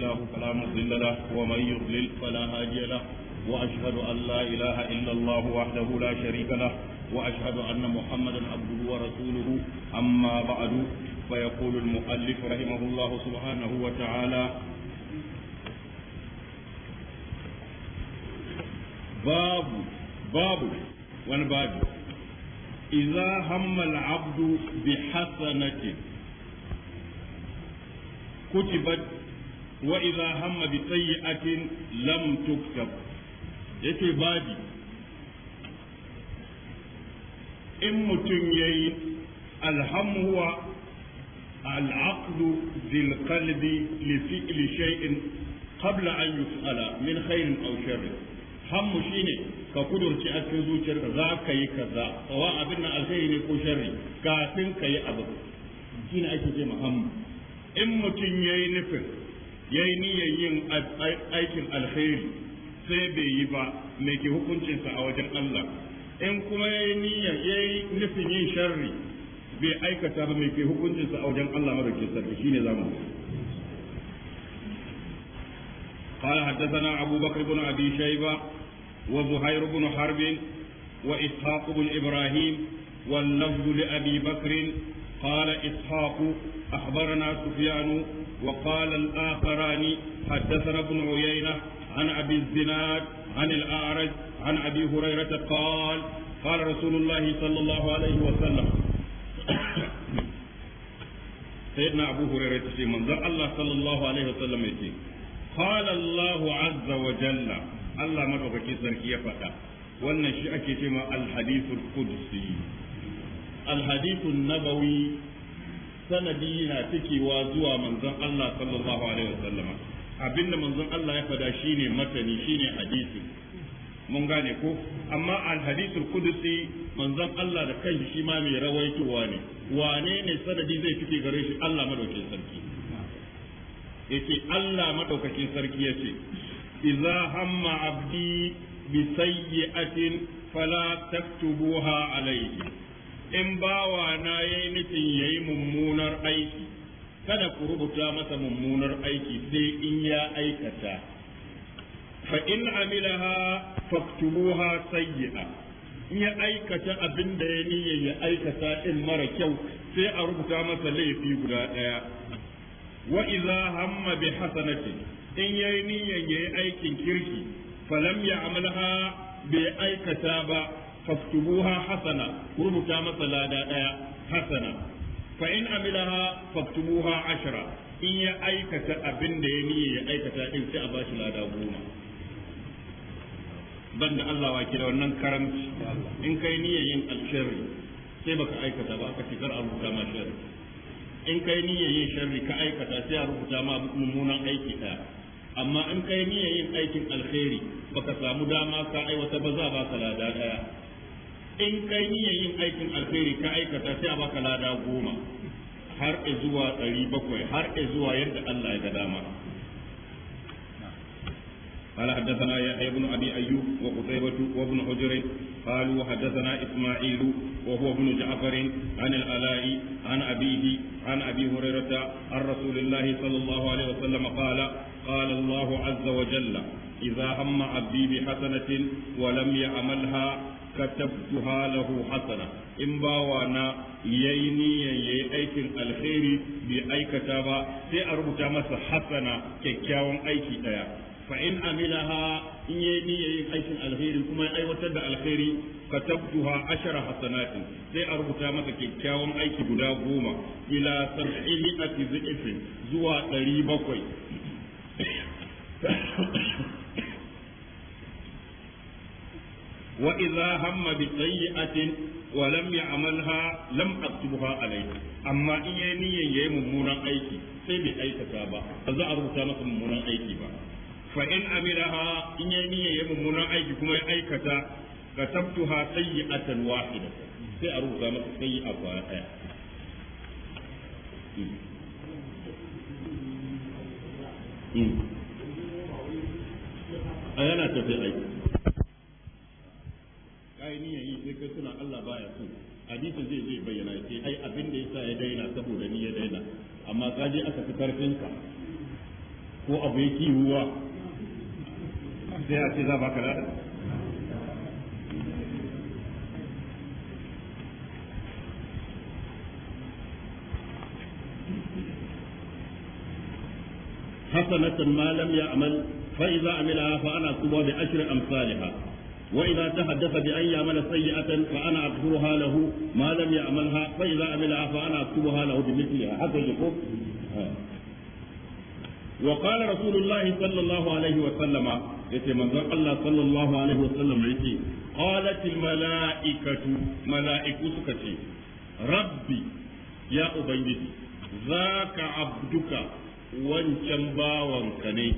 الله فلا مضل له ومن يضلل فلا هادي له وأشهد أن لا إله إلا الله وحده لا شريك له وأشهد أن محمدا عبده ورسوله أما بعد فيقول المؤلف رحمه الله سبحانه وتعالى باب باب والباب إذا هم العبد بحسنة كتبت وإذا هم بسيئة لم تكتب yace babi in mutum ya yi alhamhuwa al'aqdu bil qalbi li fi'li shay'in qabla an yuf'ala min khairin aw sharrin hammu shine ka kudurci a zuciyar zuciyarka za ka yi kaza tsawa abin nan alkhairi ne ko sharri kafin ka yi abu shine ce in mutum ya yi nufin ya yi niyyar yin aikin alheri sai bai yi ba mai ke hukuncinsa a wajen Allah in kuma ya yi ya yi nufin yin sharri bai aikata ba mai ke hukuncinsa a wajen Allah madaukin sarki shine zamu قال حدثنا أبو بكر بن أبي شيبة وزهير بن حرب وإسحاق بن إبراهيم واللفظ لأبي بكر قال إسحاق أخبرنا سفيان وقال الآخران حدثنا ابن عيينة عن أبي الزناد عن الأعرج عن أبي هريرة قال قال رسول الله صلى الله عليه وسلم سيدنا أبو هريرة في منظر الله صلى الله عليه وسلم يتي قال الله عز وجل الله ما بقى كيسر كيف wannan shi ake ce ma alhadithul qudsi alhadithun nabawi sanadi na cikewa zuwa manzon Allah sallallahu alaihi wasallam abinda manzon Allah ya fada shine matani shine hadisi mun gane ko amma alhadithul qudusi manzon Allah da kanshi shi ma mai rawaitowa ne wane ne sanadi zai fice gare shi Allah madaukakin sarki yace Allah madaukakin sarki yace idza hamma abdi bi sayyi'atin fala taktubuha alayhi in bawa na yi nufin ya yi mummunar aiki kada ku rubuta masa mummunar aiki sai in ya aikata fa in amilaha faktubuha sayyi'a in ya aikata abin da ya niyya ya aikata in mara kyau sai a rubuta masa laifi guda ɗaya. wa idza hamma bi hasanati in ya yi niyya ya yi aikin kirki falam ya amalha bai aikata ba faktubuha hasana rubuta masa lada daya hasana fa in amilaha faktubuha ashara in ya aikata abin da ya niyya ya aikata din sai a bashi lada goma banda Allah wa da wannan karamci in kai niyyar yin alsharri sai baka aikata ba aka shigar a rubuta ma sharri in kai niyyar yin sharri ka aikata sai a rubuta ma aiki amma in kai yin aikin alkhairi baka samu dama ka aiwata ba za ba ka lada ɗaya. in kai niyyar yin aikin alheri ka aikata sai a baka lada goma har zuwa ɗari bakwai har zuwa yadda Allah ya ga dama قال حدثنا يحيى بن ابي ايوب وقتيبة وابن حجر قالوا وحدثنا اسماعيل وهو ابن جعفر عن العلاء عن ابيه عن ابي هريرة عن رسول الله صلى الله عليه وسلم قال قال الله عز وجل إذا هم عبدي بحسنة ولم يعملها katabtuha lahu hasana in bawa na yayi niyan yayi aikin alkhairi bai aikata ba sai a rubuta masa hasana kyakkyawan aiki daya fa in amilaha in yayi niyyar aikin alkhairi kuma ya aiwatar da alkhairi katabtuha ashara hasanati sai a rubuta masa kyakkyawan aiki guda goma ila sab'imi'ati zuwa ɗari bakwai وإذا هم بسيئة ولم يعملها لم أكتبها عليه أما إيني يي ممونا أيكي سيبي أي كتابة فذا أربطا مكم ممونا أيكي با فإن عملها إيني يي ممونا أيكي كما أي كتا كتبتها سيئة واحدة سأربطا مكم سيئة واحدة أنا تفي أيكي kai yi sai kai suna Allah baya so hadisin zai zai bayyana ce ai abin da yasa ya daina saboda ni ya daina amma kaje je aka fi karfin ka ko abu yake ruwa sai a ce za ba ka ya حسنة ما لم يعمل فإذا عملها فأنا أصبها بعشر أمثالها وإذا تحدث بأن يعمل سيئة فأنا أكتبها له ما لم يعملها فإذا عملها فأنا أكتبها له بمثلها حتى يقول وقال رسول الله صلى الله عليه وسلم يتي من الله صلى الله عليه وسلم يتي قالت الملائكة ملائكة سكتي ربي يا أبيدي ذاك عبدك وانشنبا وانكني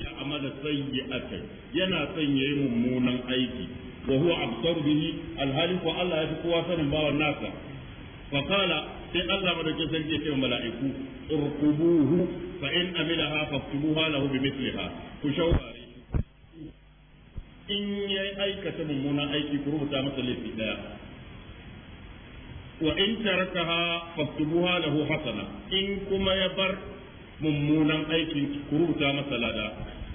ya'mal sayyi'atan yana son yayi mummunan aiki wa huwa absar bihi alhali ko Allah ya fi kowa sanin bawan nasa fa qala sai Allah madaukin sarki ya ce mala'iku urqubuhu fa in amilaha faktubuha lahu bimithliha ku shawari in ya aikata mummunan aiki ku rubuta masa laifi daya wa in tarakaha faktubuha lahu hasana in kuma ya bar mummunan aiki kuruta masa lada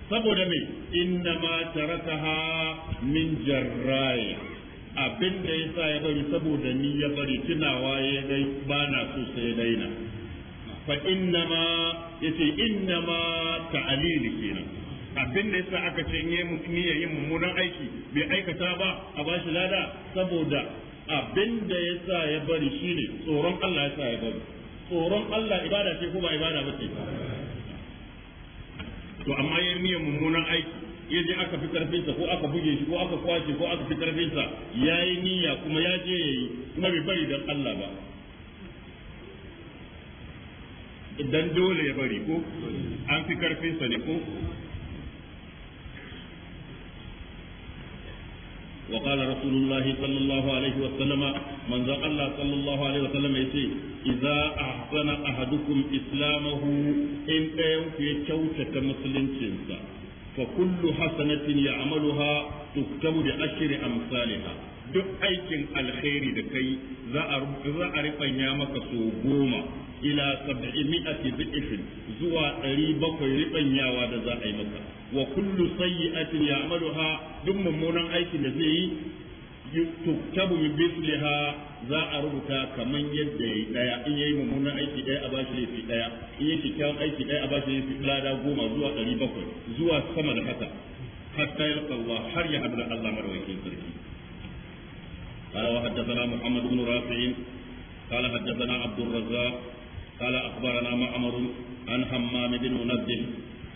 saboda me inna ma tarakaha min jarrai abin da yasa ya bari saboda ni ya bari tunawa ya dai bana so sai daina fa inna ma yace inna ma ta'lili kenan abin da yasa aka ce in mutum ya yi mummunan aiki bai aikata ba a bashi lada saboda abin da yasa ya bari shine tsoron Allah yasa ya bari tsoron Allah ibada ce ko ba ibada ba ce to amma ya miyan mummunan aiki ya je aka fi karfinsa ko aka buge shi ko aka kwace ko aka fi karfin ya yi niyya kuma ya je ya kuma bai bari don Allah ba idan dole ya bari ko an fi sa ne ko wa رسول rasulullahi sallallahu alaihi wa sallama manzon Allah sallallahu alaihi wasallam ya ce idza ahsana ahadukum islamahu in ɗayan ku ya kyautata musuluncinsa fa kullu hasanatin ya'maluha tuktabu bi ashri amsalha duk aikin alkhairi da kai za a za a rifanya maka so goma ila sab'imi'ati bi'ifin zuwa ɗari bakwai da za a yi maka wa kullu sayyi'atin ya'maluha duk mummunan aikin da zai yi tuktabu bi bisliha za a rubuta kaman yadda yayi daya in yayi mummunan aiki daya a bashi laifi daya in yayi aiki daya a bashi laifi lada goma zuwa bakwai zuwa sama da haka hatta yalqa Allah har ya da Allah marwakin sarki قال وحدثنا محمد بن رافع قال حدثنا عبد الرزاق قال اخبرنا معمر عن حمام بن منبه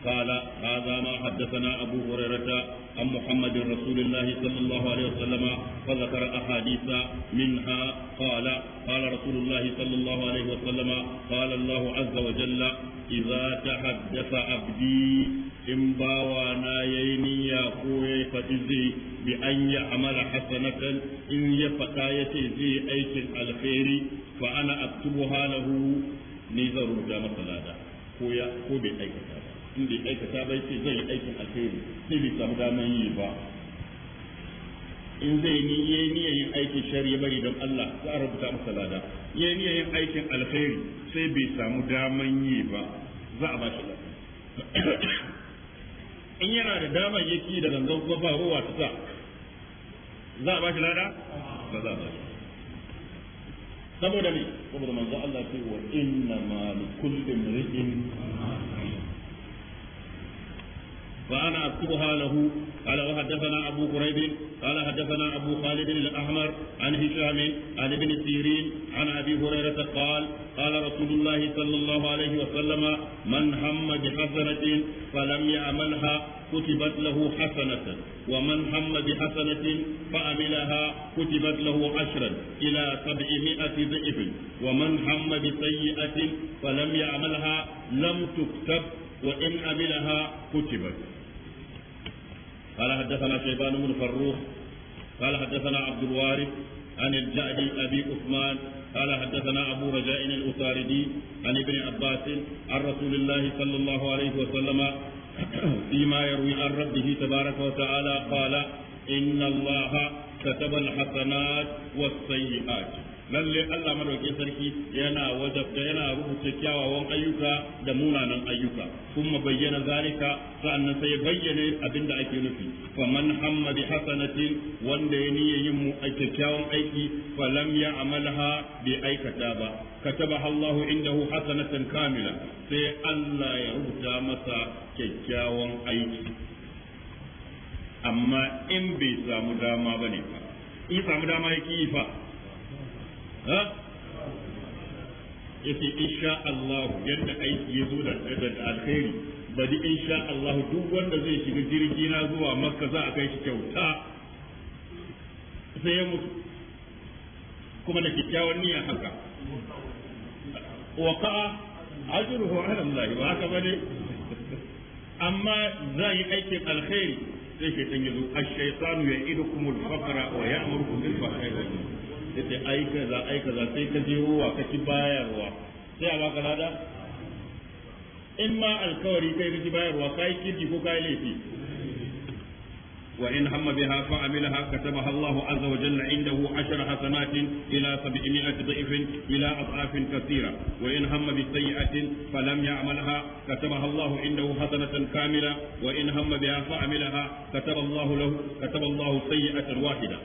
قال هذا ما حدثنا أبو هريرة عن محمد رسول الله صلى الله عليه وسلم فذكر أحاديث منها قال قال رسول الله صلى الله عليه وسلم قال الله عز وجل إذا تحدث عبدي إن باوانا ييني يا قوي فتزي بأن يعمل حسنة إن يفتا يتزي أيك الخير فأنا أكتبها له نيزر جامع صلاة ko bai aikata ba in bai aikata bai ce zai yi aikin alheri sai bai samu damar yi ba in zai ni yayi niyyar yin aikin shari'a bari don Allah za a rubuta masa lada yi niyyar yin aikin alheri sai bai samu daman yi ba za a ba shi lada in yana da damar yake da zanzan kuma ba ruwa ta sa za a ba shi lada ba za a ba shi saboda ne saboda manzo Allah ce wa inna ma likulli mri'in فأنا أكتبها له قال وحدثنا أبو قريب قال حدثنا أبو خالد الأحمر عن هشام عن ابن سيرين عن أبي هريرة قال قال رسول الله صلى الله عليه وسلم من هم بحسنة فلم يعملها كتبت له حسنة ومن هم بحسنة فعملها كتبت له عشرا إلى سبعمائة ضعف ومن هم بسيئة فلم يعملها لم تكتب وإن عملها كتبت قال حدثنا شيبان بن فروخ قال حدثنا عبد الوارث عن الجعد أبي عثمان قال حدثنا أبو رجاء الأساردي عن ابن عباس عن رسول الله صلى الله عليه وسلم فيما يروي عن ربه تبارك وتعالى قال إن الله كتب الحسنات والسيئات lalle Allah madaukakin sarki yana wajabta yana rubuta kyawawan ayyuka da munanan ayyuka kuma bayyana zalika sa'annan sai bayyana abinda ake nufi faman hamma bi hasanatin wanda ya niyya yin mu aiki falam ya amala bi aikata ba katabaha Allah indahu hasanatan kamila sai Allah ya rubuta masa kyakkyawan aiki amma in bai samu dama bane ba in samu dama yake yi fa yace insha Allah yadda aiki ya zo da alkhairi bari insha Allah duk wanda zai shiga jirgi na zuwa makka za a kai shi kyauta sai mutu kuma da kyakkyawan niyya haka waqa ajruhu ala Allah wa haka bane amma za yi aikin alkhairi sai shi ya zo ash-shaytanu ya'idukum faqra wa ya'murukum bil fahsha'i sai ta aika za aika za sai ka je ruwa ka ki bayarwa sai a baka lada in ma alkawari kai ka ki bayarwa kai kirki ko kai laifi وإن هم بها فعملها كتبها الله عز وجل عنده عشر حسنات إلى سبعمائة ضعف إلى أضعاف كثيرة وإن هم بسيئة فلم يعملها كتبها الله عنده حسنة كاملة وإن هم بها فعملها كتب الله له كتب الله سيئة واحدة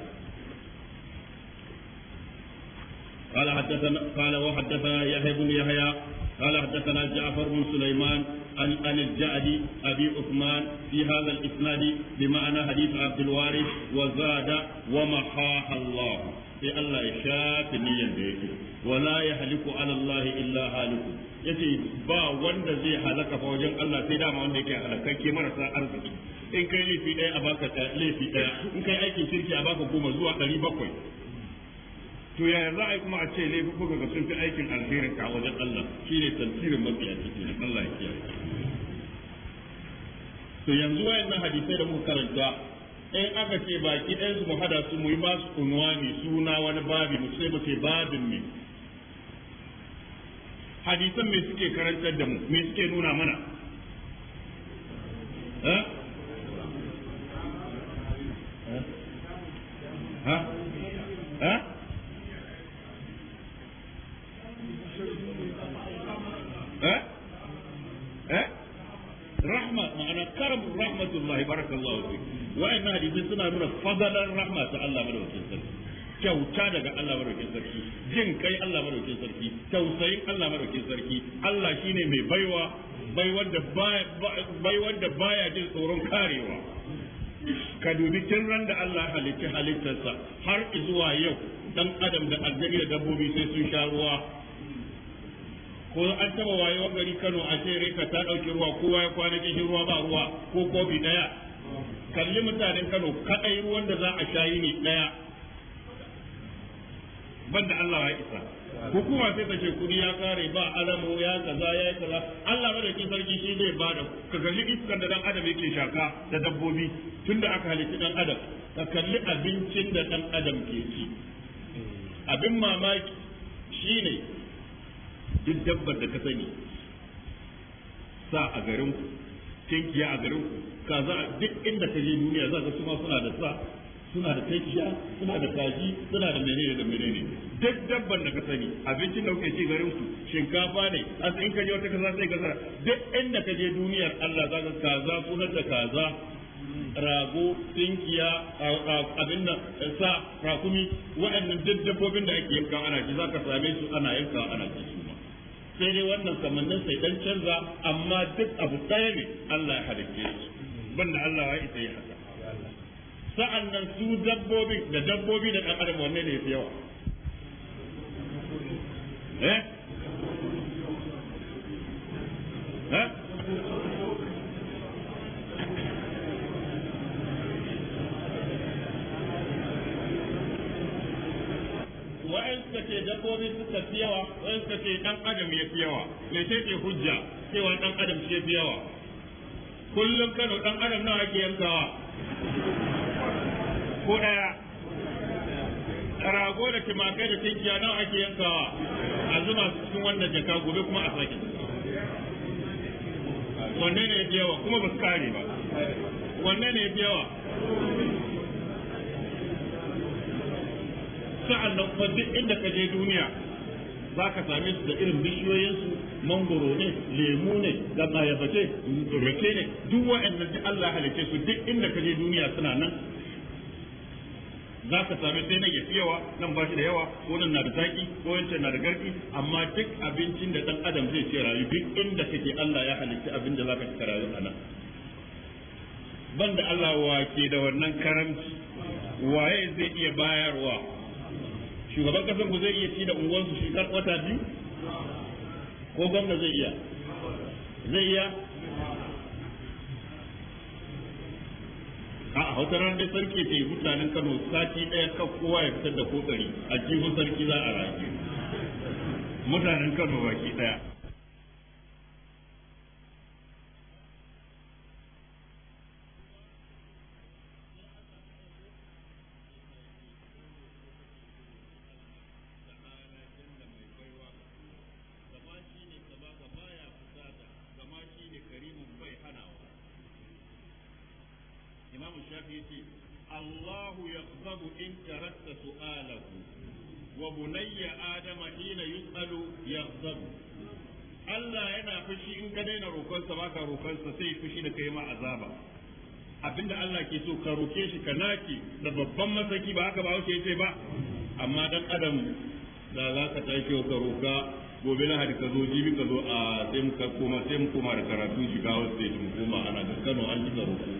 قال حدثنا قال وحدثنا يحيى بن يحيى قال حدثنا جعفر بن سليمان عن عن الجعد ابي عثمان في هذا الاسناد بمعنى حديث عبد الوارث وزاد ومحاها الله في الله يشاف نيا بيته ولا يهلك على الله الا هالك yace ba wanda zai halaka fa wajen Allah sai dama wanda yake halakakke marasa arziki in kai laifi ɗaya a baka laifi ɗaya in kai aikin kirki a baka goma zuwa ɗari bakwai to yaya za a yi kuma a ce ne kuma ga sun fi aikin alherin ka wajen Allah shi ne tafsirin mafiya ciki na Allah ya kiyaye to yanzu wayannan hadisai da muka karanta in aka ce baki ɗayan su mu hada su mu yi masu ne suna wani babi mu sai mu ce babin ne. hadisan me suke karantar da mu me suke nuna mana ha eh? ha eh? ha eh? eh eh rahma ma'ana karamu rahmatullah barakallahu fi wa'annan hadisi suna nuna fadalan rahma ta Allah madaukakin sarki kyauta daga Allah madaukakin sarki jin kai Allah madaukakin sarki tausayin Allah madaukakin sarki Allah shine mai baiwa baiwar da baya baiwar da baya jin tsoron karewa ka dubi tun ran da Allah halitta halittarsa har zuwa yau dan adam da aljani da dabbobi sai sun sha ruwa ko an taba wayewar gari Kano a ce reka ta dauki ruwa kowa ya kwana kishin ruwa ba ruwa ko kofi daya kalli mutanen Kano kaɗai ruwan da za a shayi ne daya banda Allah ya isa hukuma sai ta ce kudi ya kare ba alamu ya kaza ya kaza Allah ba da ke sarki shi zai ba da ka kalli iskar da dan adam yake shaka da dabbobi tunda aka halitta dan adam ka kalli abincin da dan adam ke ci abin mamaki shine duk dabbar da ka sani sa a garin ku tinkiya a garin ku kaza duk inda ka je duniya za ka su suna da sa suna da tinkiya suna da kaji suna da menene da menene duk dabbar da ka sani abincin da kuke ci garin ku shinkafa ne as in ka je wata kasa sai kasa duk inda ka je duniyar Allah za ka kaza sunar da kaza rago tinkiya abin da sa rakumi waɗannan dabbobin da ake yanka ana ji za ka same su ana yanka ana ci sai dai wannan kamannin sai dan canza amma duk abu ɗaya ne Allah ya halicce su banda Allah ya isa yi haka sa'an nan su dabbobi da dabbobi da ɗan wanne ne fi yawa eh eh dabbobi suka fi yawa wani suka ce dan adam ya fi yawa me ce ke hujja cewa dan adam shi fi yawa kullum kano dan adam nawa ke yankawa ko daya rago da timakai da tinkiya nawa ake yankawa a zuba su cikin wannan jaka gobe kuma a sake wanne ne ya fi yawa kuma ba su kare ba wanne ne ya fi yawa sa'an nan kuma duk inda ka je duniya za ka same su da irin bishiyoyinsu mangoro ne lemu ne da mayabace rake ne duk wa'annan da Allah halice su duk inda ka je duniya suna nan za ka same sai nan ya fi yawa nan ba shi da yawa ko nan na da zaki ko wancan na da garki amma duk abincin da dan adam zai ce rayu duk inda kake Allah ya halitta abin da za ka ci rayu a nan banda Allah wa ke da wannan karamci waye zai iya bayarwa shugaban kasar ku zai iya ci da unguwansu kar wata biyu ko gwamna zai iya zai iya a hautar ran dai sarki ta yi mutanen kano sati ɗaya kan kowa ya fitar da kokari a jihun sarki za a rayu mutanen kano baki ɗaya Allah yana fushi in ka daina roƙonsa baka roƙonsa sai fushi da kai ma azaba abinda Allah ke so ka roke shi ka naki da babban masaki ba haka ba wuce yace ba amma dan adam da za ka tashi ka roka gobe lahadi ka zo jibi ka zo a sai mu koma sai mu koma da karatu ga wasu sai mu koma ana da Kano an ji roƙo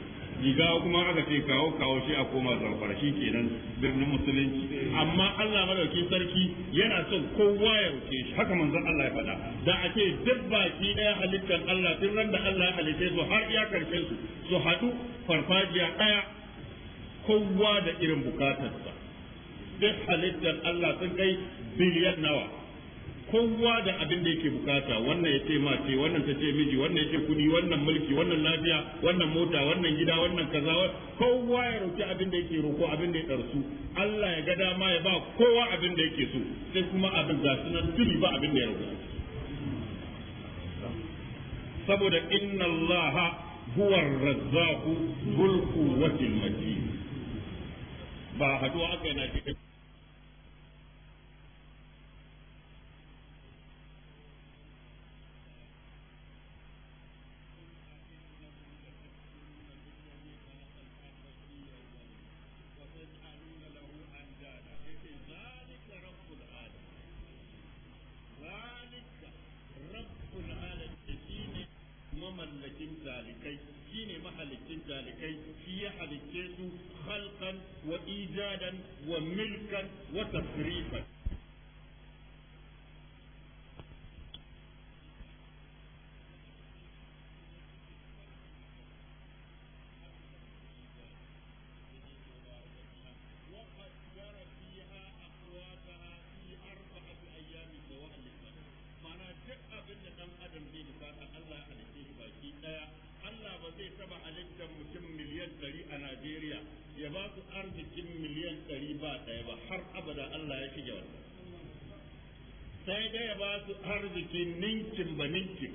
riga kuma aka ce kawo kawo shi a koma zamfara shi kenan birnin musulunci amma Allah madauki sarki yana son kowa ya wuce shi haka manzon Allah ya faɗa da a ce duk baki ɗaya halittar Allah tun ran da Allah ya halitte su har iya karshen su su haɗu farfajiya ɗaya kowa da irin bukatarsa duk halittar Allah sun kai biliyan nawa kowa da abin da yake bukata wannan ya ce mace wannan ta ce miji wannan ya ce kudi wannan mulki wannan lafiya wannan mota wannan gida wannan kaza kowa ya roki abin da yake roko abin da ya darsu Allah ya ga dama ya ba kowa abin da yake so sai kuma abin su nan tuli ba abin da ya roƙa saboda inna Allah huwa ar-razzaqu dhul quwwati al ba haduwa aka yana cikin وملكا وتصريفا arziki ninkin ba ninkin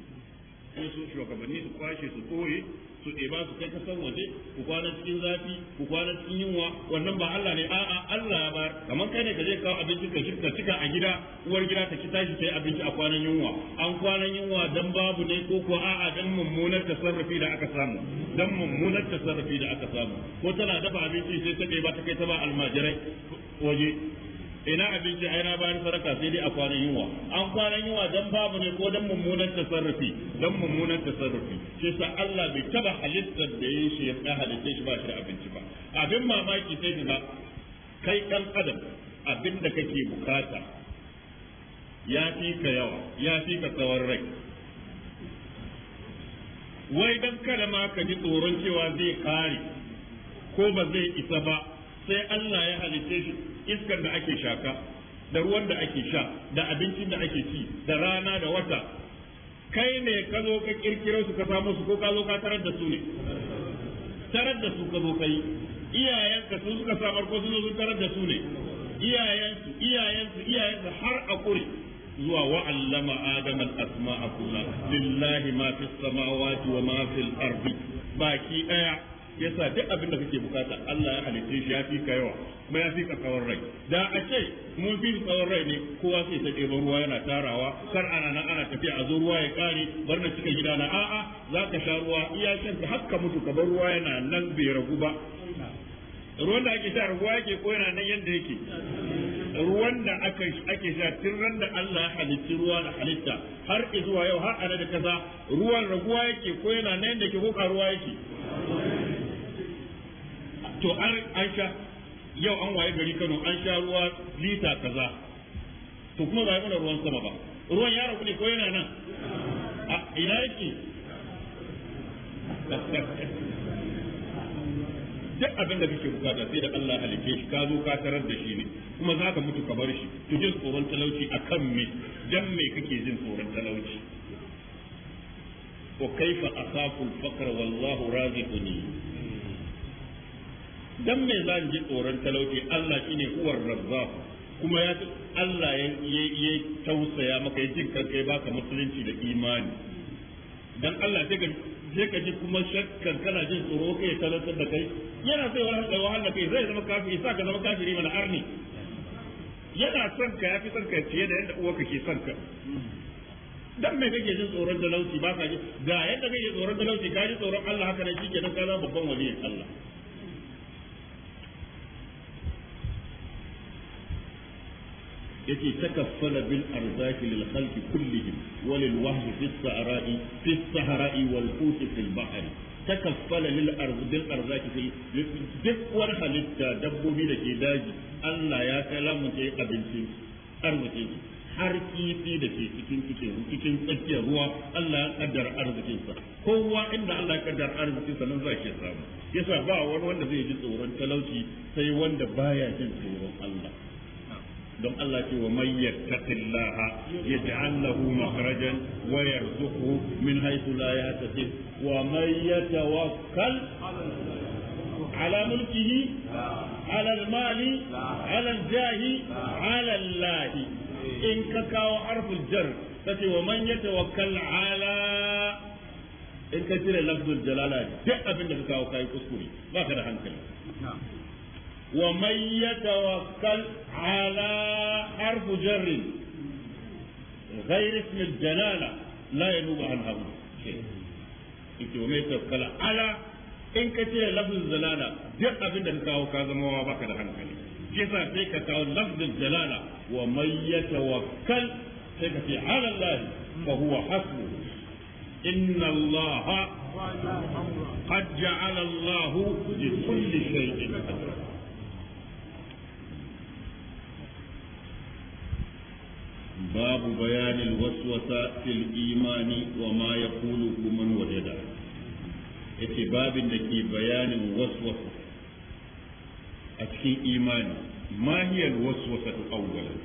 sai su shugabanni su kwashe su koye su ba su kai kasan waje ku kwana cikin zafi ku kwana cikin yunwa wannan ba Allah ne a'a Allah ba kamar kai ne ka je kawo abinci ka shirka cika a gida uwar gida ta kita tashi sai abinci a kwanan yunwa an kwanan yunwa dan babu ne ko ko a'a dan mummunar tasarrufi da aka samu dan mummunar tasarrufi da aka samu ko tana dafa abinci sai ta ɗeba ta kai ta ba almajirai waje ina abinci ai na bayar sadaka sai dai a kwanan yunwa an kwanan yunwa dan babu ne ko dan mummunan tasarrufi dan mummunan tasarrufi shi sa Allah bai taba halittar da yayi shi ya halitta shi ba shi da abinci ba abin mamaki sai kai dan adam abin da kake bukata ya fi ka yawa ya fi ka tsawon rai wai dan kada ma ka ji tsoron cewa zai kare ko ba zai isa ba sai Allah ya halitta shi Iskar da ake shaka da ruwan da ake sha da abincin da ake ci da rana da wata kai ne ka zo ka kirkiro su ka samu su ko ka zo ka tarar da su ne tarar da su ka zo kai iyayenka su suka samar ko su zo su tarar da su ne iyayensu iyayensu iyayensu har a kuri zuwa wa'allama adama asmaa kullaha lillahi ma fis samawati wa ma fil ardi baki daya yasa duk abin da kake bukata Allah ya halitta shi ya fi ka yawa kuma ya fi ka tsawon rai da a ce mun fi tsawon rai ne kowa sai ta ɗebo ruwa yana tarawa kar ana nan ana tafiya a zo ruwa ya kare bar na cika gidana a'a za ka sha ruwa iya shan ta, hakka mutu ka bar ruwa yana nan bai ragu ba ruwan da ake sha ruwa yake ko yana nan yadda yake ruwan da aka ake sha tun da Allah ya halitta ruwa da halitta har zuwa yau har ana da kaza ruwan raguwa yake ko yana nan yadda yake ko karuwa yake to an sha yau an waye gari Kano an sha ruwa lita kaza to kuma ba mana ruwan sama ba ruwan yaro ne ko yana nan a ina yake duk abin da kake bukata sai da Allah halike shi ka zo ka tarar da shi ne kuma za ka mutu ka bar shi to jin tsoron talauci akan me dan me kake jin tsoron talauci wa kaifa asaku al-faqr wallahu raziquni dan me zan ji tsoron talauci Allah shine huwar razzaq kuma ya Allah ya tausaya maka yin jin kanka baka musulunci da imani dan Allah sai ka sai ka ji kuma shakkan kana jin tsoro kai talatar da kai yana sai wahala wahala kai zai zama kafiri sa ka zama kafiri mana arni yana son ka yafi son ka ciye da yadda uwarka ke son ka dan me kake jin tsoron talauci ba ji ga yadda kake tsoron talauci ka ji tsoron Allah haka ne ke ka zama babban waliyin Allah yace takaffala bil arzaki lil khalqi kullihim walil wahdi fis sahara'i wal quti fil bahri takaffala lil arzaki arzaki duk wani halitta dabbobi da ke daji Allah ya kalamunta ya har kifi da ke cikin cikin cikin tsakiyar ruwa Allah ya kaddar arzikinsa kowa inda Allah ya kaddar arzikinsa nan za ke samu yasa ba wani wanda zai ji tsoron talauci sai wanda baya jin tsoron Allah don Allah ce wa man yattaqillaha yaj'al lahu makhrajan wa yarzuqhu min haythu la yahtasib wa man yatawakkal ala mulkihi ala al-mali ala al-jahi ala Allah in ka kawo harful jar kace wa man yatawakkal ala in ka cire lafzul jalala duk abin da ka kawo kai kuskure ba ka da hankali ومن يتوكل على حرف جر غير اسم الجلالة لا ينوب عنها شيء انت ومن يتوكل على ان كثير لفظ الجلالة جئت في ذلك وكذا ما وابك لحن حالي كيف فيك تقول لفظ الجلالة ومن يتوكل فيك في على الله فهو حسبه إن الله قد جعل الله لكل شيء قدرا باب بيان الوسوسة في الإيمان وما يقوله من وجده yace babin da ke bayanin waswasa a cikin imani ma hiya alwaswasatu awwalan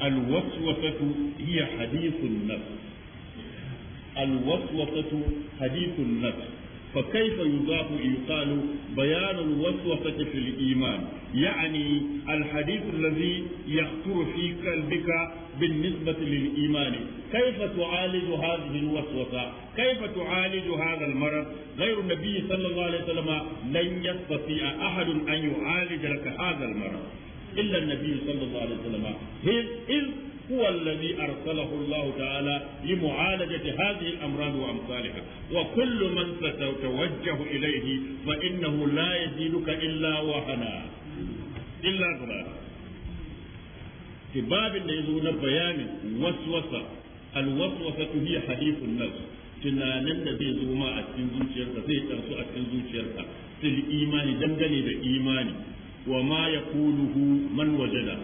alwaswasatu hiya hadithun nafs alwaswasatu فكيف يضاف يقال بيان الوسوسة في الإيمان يعني الحديث الذي يخطر في قلبك بالنسبة للإيمان كيف تعالج هذه الوسوسة كيف تعالج هذا المرض غير النبي صلى الله عليه وسلم لن يستطيع أحد أن يعالج لك هذا المرض إلا النبي صلى الله عليه وسلم إذ هو الذي أرسله الله تعالى لمعالجة هذه الأمراض وأمثالها وكل من ستتوجه إليه فإنه لا يزيدك إلا وهنا إلا غرارا في باب يزول بيان وسوسة الوسوسة هي حديث النفس tunanin da zai zo ma a cikin zuciyarka zai tarsu a cikin zuciyarka fil imani dangane da imani wa ma yaquluhu man wajada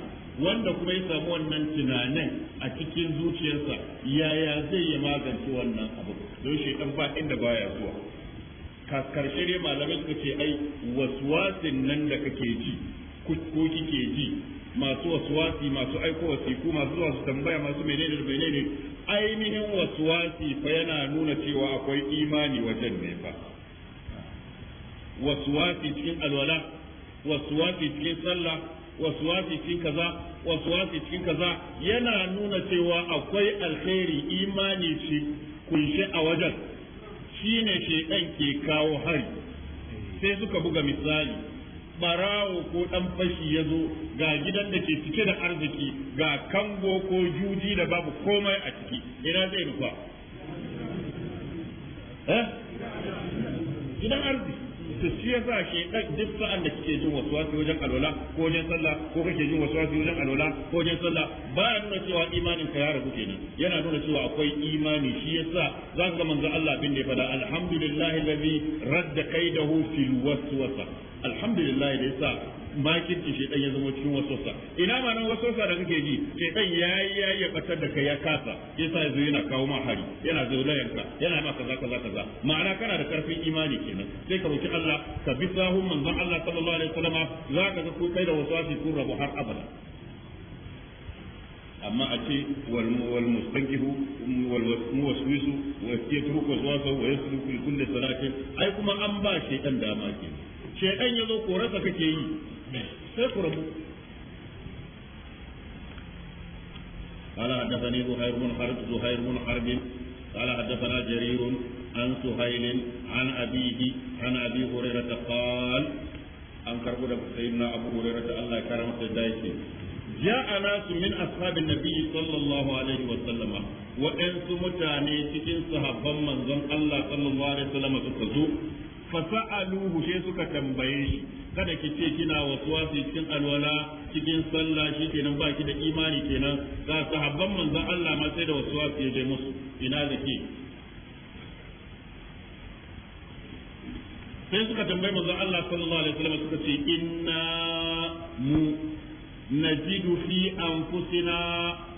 wanda kuma ya samu wannan tunanin a cikin zuciyarsa yaya zai yi magance wannan abu don shi dan ba inda baya zuwa ka karshe ne malamai suka ce ai waswasin nan da kake ji ko kike ji masu waswasi masu aiko wasiku masu zuwa su tambaya masu menene da menene ainihin waswasi fa yana nuna cewa akwai imani wajen ne fa waswasi cikin alwala waswasi cikin sallah waswasi cikin kaza waswasi cikin kaza yana nuna cewa akwai alheri imani shi kunshe a wajen shine shedan ke kawo hari sai suka buga misali barawo ko dan fashi ya zo ga gidan da ke cike da arziki ga kango ko juji da babu komai a ciki ina zai rufa eh gidan arziki to shi yasa ke dan duk sa'an da kike jin waswasi wajen alwala ko wajen sallah ko kake jin waswasi wajen alwala ko wajen sallah ba ya nuna cewa imanin ka ya rabu ne yana nuna cewa akwai imani shi yasa zaka ga manzo Allah bin da ya fada alhamdulillahi alladhi radda kaidahu fil waswasa alhamdulillah da yasa makircin shedan ya zama cikin wasuwasa ina ma nan wasuwasa da kake ji shedan ya yi ya batar da kai ya kasa yasa yazo yana kawo ma hari yana zo layanka yana ma kaza kaza kaza ma'ana kana da karfin imani kenan sai ka roki Allah ka bi sahun manzon Allah sallallahu alaihi wasallam za ga ko kai da wasuwasi kun rabu har abada amma a ce wal mustankihu wal muwaswisu wa yatruku waswasa wa yasluku kulli salatin ai kuma an ba shedan dama kenan shedan ya zo korarsa kake yi sai ku rabu قال حدثني زهير بن حرب زهير بن حرب قال حدثنا جرير عن سهيل عن عن قال سيدنا الله كرم جاء ناس من النبي صلى الله عليه وسلم متاني صحابا من الله صلى الله عليه وسلم fasa'aluhu sai suka tambaye shi kada ki ce kina waswasi cikin alwala cikin sallah shi kenan ba ki da imani kenan ga sahabban manzon Allah ma sai da waswasi ya je musu ina zake sai suka tambaye manzon Allah sallallahu alaihi wasallam suka ce inna mu najidu fi anfusina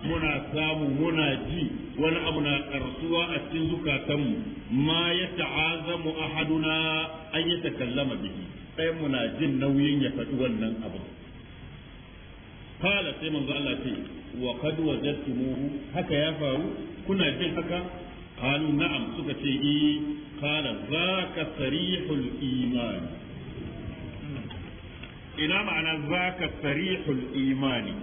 muna samu muna ji wani abu na karsuwa a cikin mu ma ya ta'azamu ahaduna an ya takallama bihi sai muna jin nauyin ya faɗi wannan abu kala sai manzo Allah ce wa qad wajadtumuhu haka ya faru kuna jin haka qalu na'am suka ce eh kala zaka sarihul imani ina ma'ana zaka sarihul imani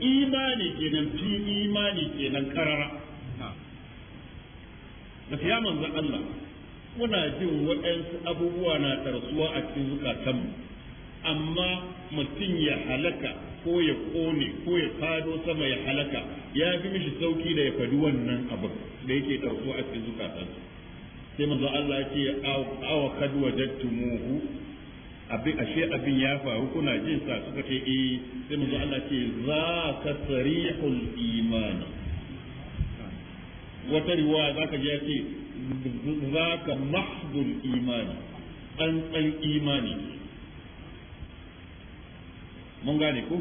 imani kenan fi imani kenan karara da ya Allah muna jin waɗansu abubuwa na tarsuwa a cikin zukatanmu amma mutum ya halaka ko ya kone ko ya fado sama ya halaka ya fi mishi sauki da ya faɗi wannan abin da yake tarsuwa a cikin zukatansu sai manzon Allah yake awa kad wajadtumuhu abin ashe abin ya faru kuna jin sa suka ce eh sai manzon Allah ce za ka sarihul imani wata riwa riwaya zaka je ce za ka mahdul imani an tsan imani mun gane ku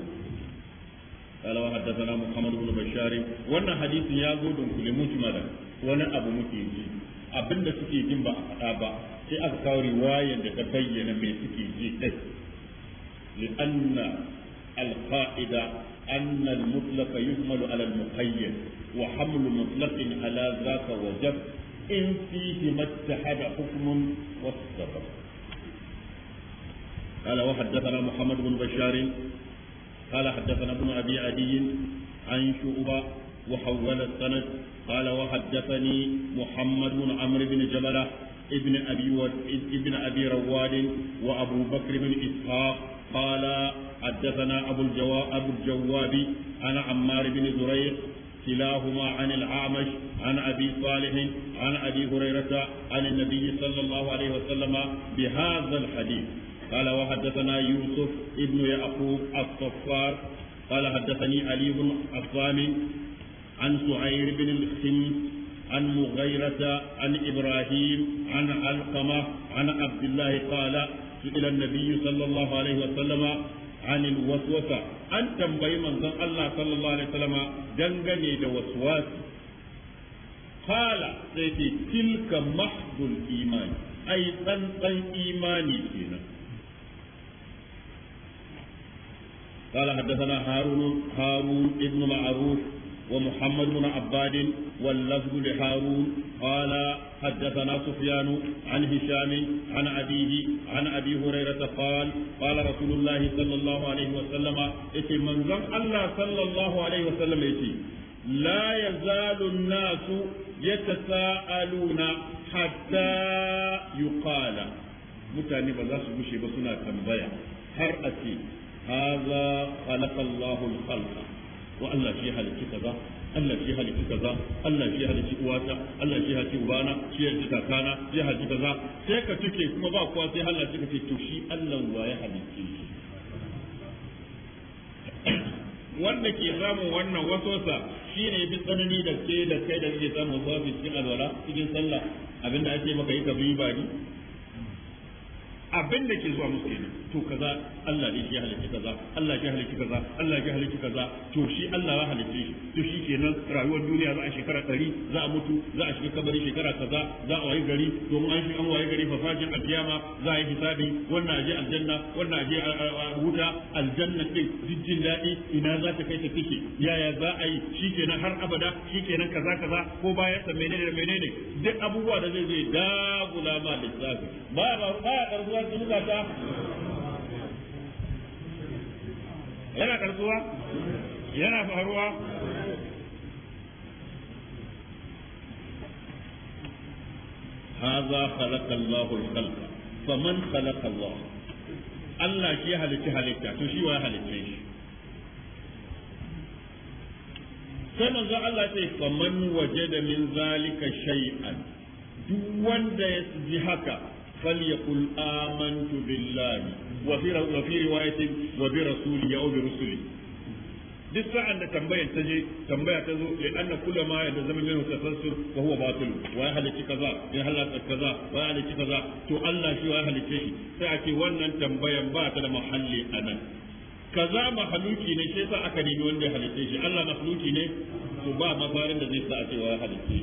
قال وحدثنا محمد بن بشار وانا حديث يا جود كل مجملا وانا ابو مكي abinda suke jin ba a faɗa ba sai aka kawo riwayar da ta bayyana mai suke ji ɗin li'anna al-qa'ida anna al-mutlaq yuhmalu ala al-muqayyad wa hamlu mutlaqin ala zaka wajab in fihi mattahada قال وحدثنا محمد بن بشار قال حدثنا ابن ابي عدي عن شعبه وحول السند قال وحدثني محمد بن عمرو بن جبله ابن ابي و... ابن ابي رواد وابو بكر بن اسحاق قال حدثنا ابو الجواب ابو الجواب عن عمار بن زريق كلاهما عن الأعمش عن أبي صالح عن أبي هريرة عن النبي صلى الله عليه وسلم بهذا الحديث قال وحدثنا يوسف ابن يعقوب الصفار قال حدثني علي بن الصامي عن سعير بن الخمس عن مغيرة عن إبراهيم عن علقمة عن عبد الله قال سئل النبي صلى الله عليه وسلم عن الوسوسة أن تنبي من الله صلى الله عليه وسلم دنغني دوسواس قال سيتي تلك محض الإيمان أي تنقل إيماني فينا قال حدثنا هارون هارون ابن معروف ومحمد بن عباد واللفظ لهارون قال حدثنا سفيان عن هشام عن أبيه عن أبي هريرة قال قال رسول الله صلى الله عليه وسلم إتي من الله صلى الله عليه وسلم إتي لا يزال الناس يتساءلون حتى يقال mutane ba za su gushe ba suna tambaya har a ce haza khalaqa Allahu al-khalqa wa Allah shi halicci kaza Allah shi halicci kaza Allah shi halicci uwata Allah shi halicci ubana shi halicci kakana shi halicci kaza sai ka tuke kuma ba kowa sai Allah shi kace to shi Allah wa ya halicci wanda ke samun wannan wasosa shi ne bi tsanani da ke da kai da ke samun wasu cikin alwala cikin sallah abinda ake maka yi ka bi ba ni abin ke zuwa musu kenan to kaza Allah ne ya halicci kaza Allah ya halicci kaza Allah ya halicci kaza to shi Allah ya halicci. shi to shi kenan rayuwar duniya za a shekara ɗari za a mutu za a shiga kabari shekara kaza za a wayi gari domin an shi an wayi gari fafajin alkiyama za a yi hisabi wannan aje aljanna wannan aje wuta aljanna din jijjin daɗi ina za ta kai ta fice yaya za a yi shi kenan har abada shi kenan kaza kaza ko bayan sa menene da menene duk abubuwa da zai zai dagula ma lissafi ba ba ba ya karbuwa sun ta yana karbuwa yana faruwa هذا خلق الله الخلق فمن خلق الله الله شي هلكي هلكا تو شي واي هلكي شي sai manzo Allah ce faman wajada min zalika shay'an duk wanda ya ji haka falyakul amantu billahi wa fi riwayatin wa bi rasuli ya bi rusuli duk sa'an da tambayar ta je tambaya ta zo ya anna kullu ma ya zama min tafassur wa huwa batil wa ya halici kaza ya halaka kaza wa ya halici kaza to Allah shi ya halice shi sai ake wannan tambayan ba ta da mahalli anan kaza mahaluki ne sai sa aka nemi wanda ya halice shi Allah mahaluki ne to ba mafarin da zai sa a ce wa ya halice shi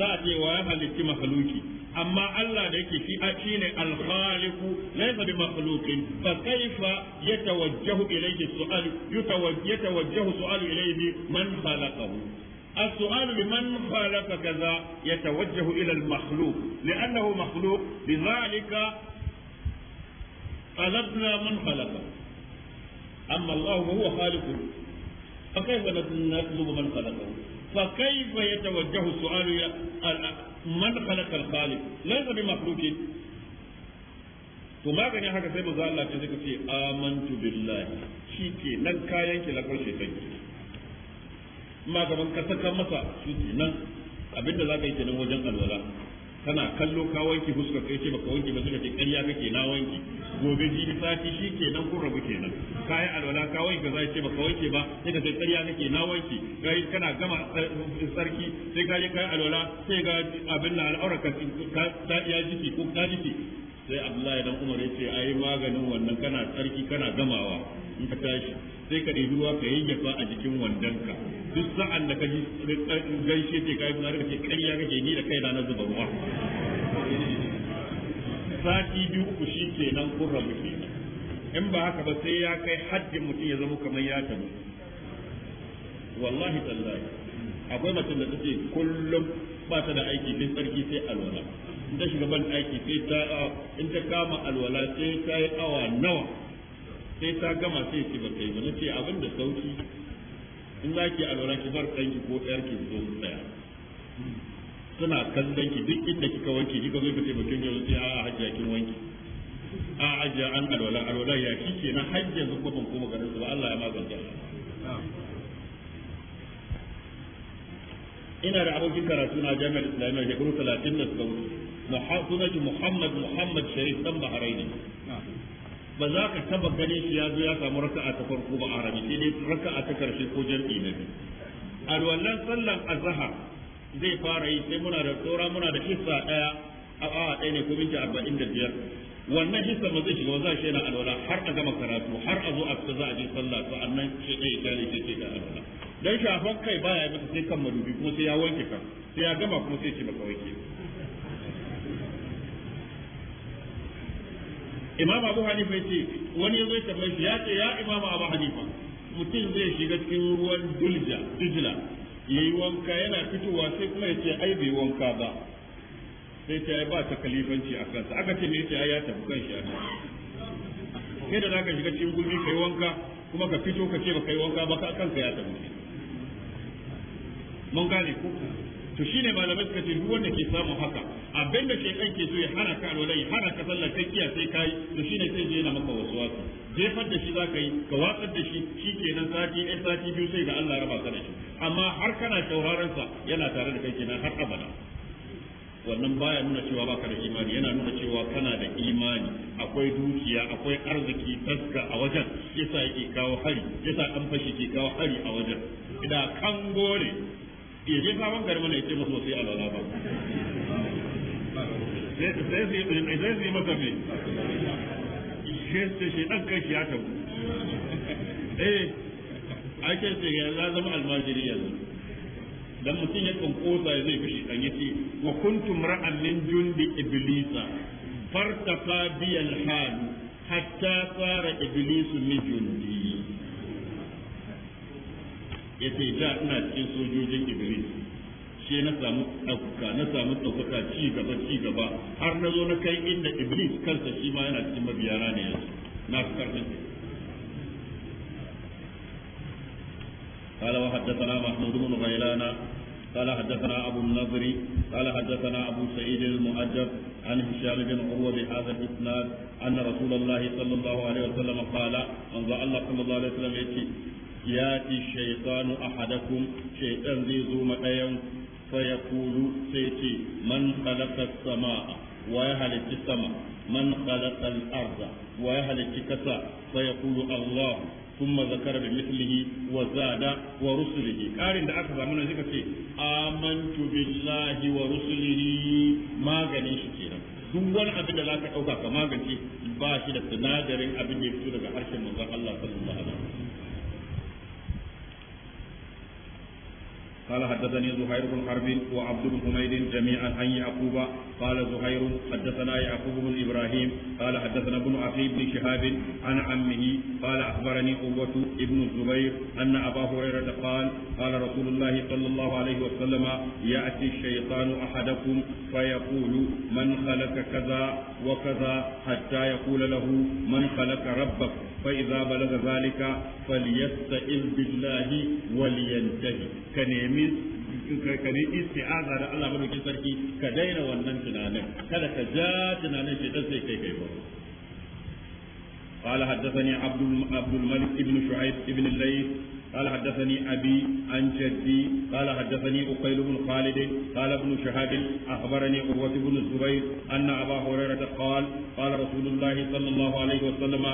za a ce wa ya halici mahaluki amma Allah da yake shi a shi ne alkhaliqu laysa bi makhluqin fa kayfa yatawajjahu ilayhi su'al yatawajjahu su'al ilayhi man khalaqahu السؤال لمن خالف كذا يتوجه إلى المخلوق لأنه مخلوق لذلك خلقنا من خلقه أما الله فهو خالقه فكيف نطلب من خلقه فكيف يتوجه السؤال man khalaqa al-khaliq laysa bi makhluqin to maganin haka sai manzo Allah ce suka ce amantu billahi shike nan kayan ki lakar ma magaban ka saka masa shike nan abinda zaka yi kenan wajen alwala kana kallo ka wanki fuskar kai ce baka wanki ba suka ce ƙarya kake na wanki gobe ji sati shi kenan kun rabu kenan yi alwala ka wanke za ce baka wanke ba sai ka ce ya nake na wanke yi kana gama eh, sarki sai ka yi kayan alwala sai ga abin na al'aurar ka ta iya jiki ko ta jiki sai Abdullahi dan Umar ya ce yi maganin wannan kana sarki kana gamawa in ka tashi sai ka ɗebi ruwa ka yayyafa a jikin wandonka duk sa'an da ka ji eh, eh, gaishe ce kai na kake ƙarya kake ni da kai na zuba ruwa sati biyu uku shi ke nan kurra mutum in ba haka ba sai ya kai haddin mutum ya zama kamar ya tabu wallahi tallahi akwai mutum da take kullum ba ta da aiki sai tsarki sai alwala in ta shiga ban aiki sai ta in ta kama alwala sai ta yi awa nawa sai ta gama sai ce ba kai ba ce abin da sauki in za ki alwala ki bar ɗanki ko ɗayar ki zo tsaya suna kallon ki duk inda kika wanke kika zo ka ce mutum ya zuci a hajja kin wanke a hajji an alwala alwala ya kike na hajji yanzu ko ban koma garin su ba Allah ya magance ina da abokin karatu na jami'ar islamiyya shekaru talatin da suka wuce sunan shi muhammad muhammad sharif dan bahraini ba za ka taba ganin shi ya zo ya samu raka'a ta farko ba a rami. sai dai raka'a ta karshe ko jam'i na biyu a wannan sallan azhar zai fara yi sai muna da tsora muna da hissa ɗaya a a ɗaya ne ko minti arba'in da biyar wannan hissa ba zai shiga ba za shi yana alwala har a gama karatu har a zo a fita za a je sallah to annan shi ɗaya gane shi ke da alwala dan shafan kai baya yi masa sai kan madubi kuma sai ya wanke kan sai ya gama kuma sai ce maka wanke imam abu hanifa ya ce wani ya zo ya shi ya ce ya imam abu hanifa mutum zai shiga cikin ruwan dulja dijila yayi wanka yana fitowa sai kuma ya ce ai bai wanka ba sai ta ba ta kalifanci a kansa aka ce ne ai ya tafi kan shi a kai da zaka shiga cikin gulbi kai wanka kuma ka fito ka ce ba kai wanka ba ka kanka ya tafi mun gane ko to shine malamai suka ce duk wanda ke samun haka abin da kan ke so ya hana ka alwala hana ka sallar ta kiya sai kai to shine sai je yana maka wasu. jefar da shi ka yi ka watsar da shi shi nan sati ɗaya sati biyu sai ga Allah raba ka da shi amma har kana tauraron sa yana tare da kai kenan har abada wannan baya nuna cewa baka da imani yana nuna cewa kana da imani akwai dukiya akwai arziki taska a wajen yasa yake kawo hari yasa an fashi ke kawo hari a wajen idan kan gore ya je sabon gari mana ya ce musu sai alwala ba sai zai masa me shi dan kashi ya tabu eh ake ce ya zama almajiri yanzu dan mutum ya kunkosa ya zai kashi dan yace wa kuntum ra'an min jundi iblisa fartafa biyal hal hatta sara iblisu min jundi ya ce da ina cikin sojojin ibris shi na samu ɗaukaka na samu ɗaukaka ci gaba ci har na zo na kai inda iblis kansa shi ma yana cikin mabiyara ne yanzu na fi karfin sa قال وحدثنا محمود بن غيلان قال حدثنا ابو النضر قال حدثنا ابو سعيد المؤجب عن هشام بن عروه بهذا الاسناد ان رسول الله صلى الله عليه وسلم قال ان الله صلى الله عليه وسلم يأتي ياتي الشيطان احدكم شيطان ذي زوم ديان فيقول سيتي من خلق السماء ويهل السماء من خلق الارض ويهل الكسا فيقول الله ثم ذكر بمثله وزاد ورسله قارن da aka samu nan suka ce amantu billahi wa rusulihi maganin shi kenan duk wani abin da zaka ɗauka ka magance ba shi da sinadarin abin da fito daga harshen manzon Allah sallallahu قال حدثني زهير بن حرب وعبد بن حميد جميعا عن يعقوب قال زهير حدثنا يعقوب بن ابراهيم قال حدثنا ابن اخي بن شهاب عن عمه قال اخبرني قوة ابن الزبير ان ابا هريرة قال قال رسول الله صلى الله عليه وسلم ياتي الشيطان احدكم فيقول من خلق كذا وكذا حتى يقول له من خلق ربك فاذا بلغ ذلك فليستعذ بالله ولينتهي كنيمي ka ne isti'aza da Allah madaukin sarki ka daina wannan tunanin kada ka ja tunanin shi dan sai kai kai ba قال حدثني عبد عبد الملك بن شعيب بن الليث قال حدثني أبي عن جدي قال حدثني أقيل بن خالد قال ابن شهاب أخبرني قوة بن الزبير أن أبا هريرة قال قال رسول الله صلى الله عليه وسلم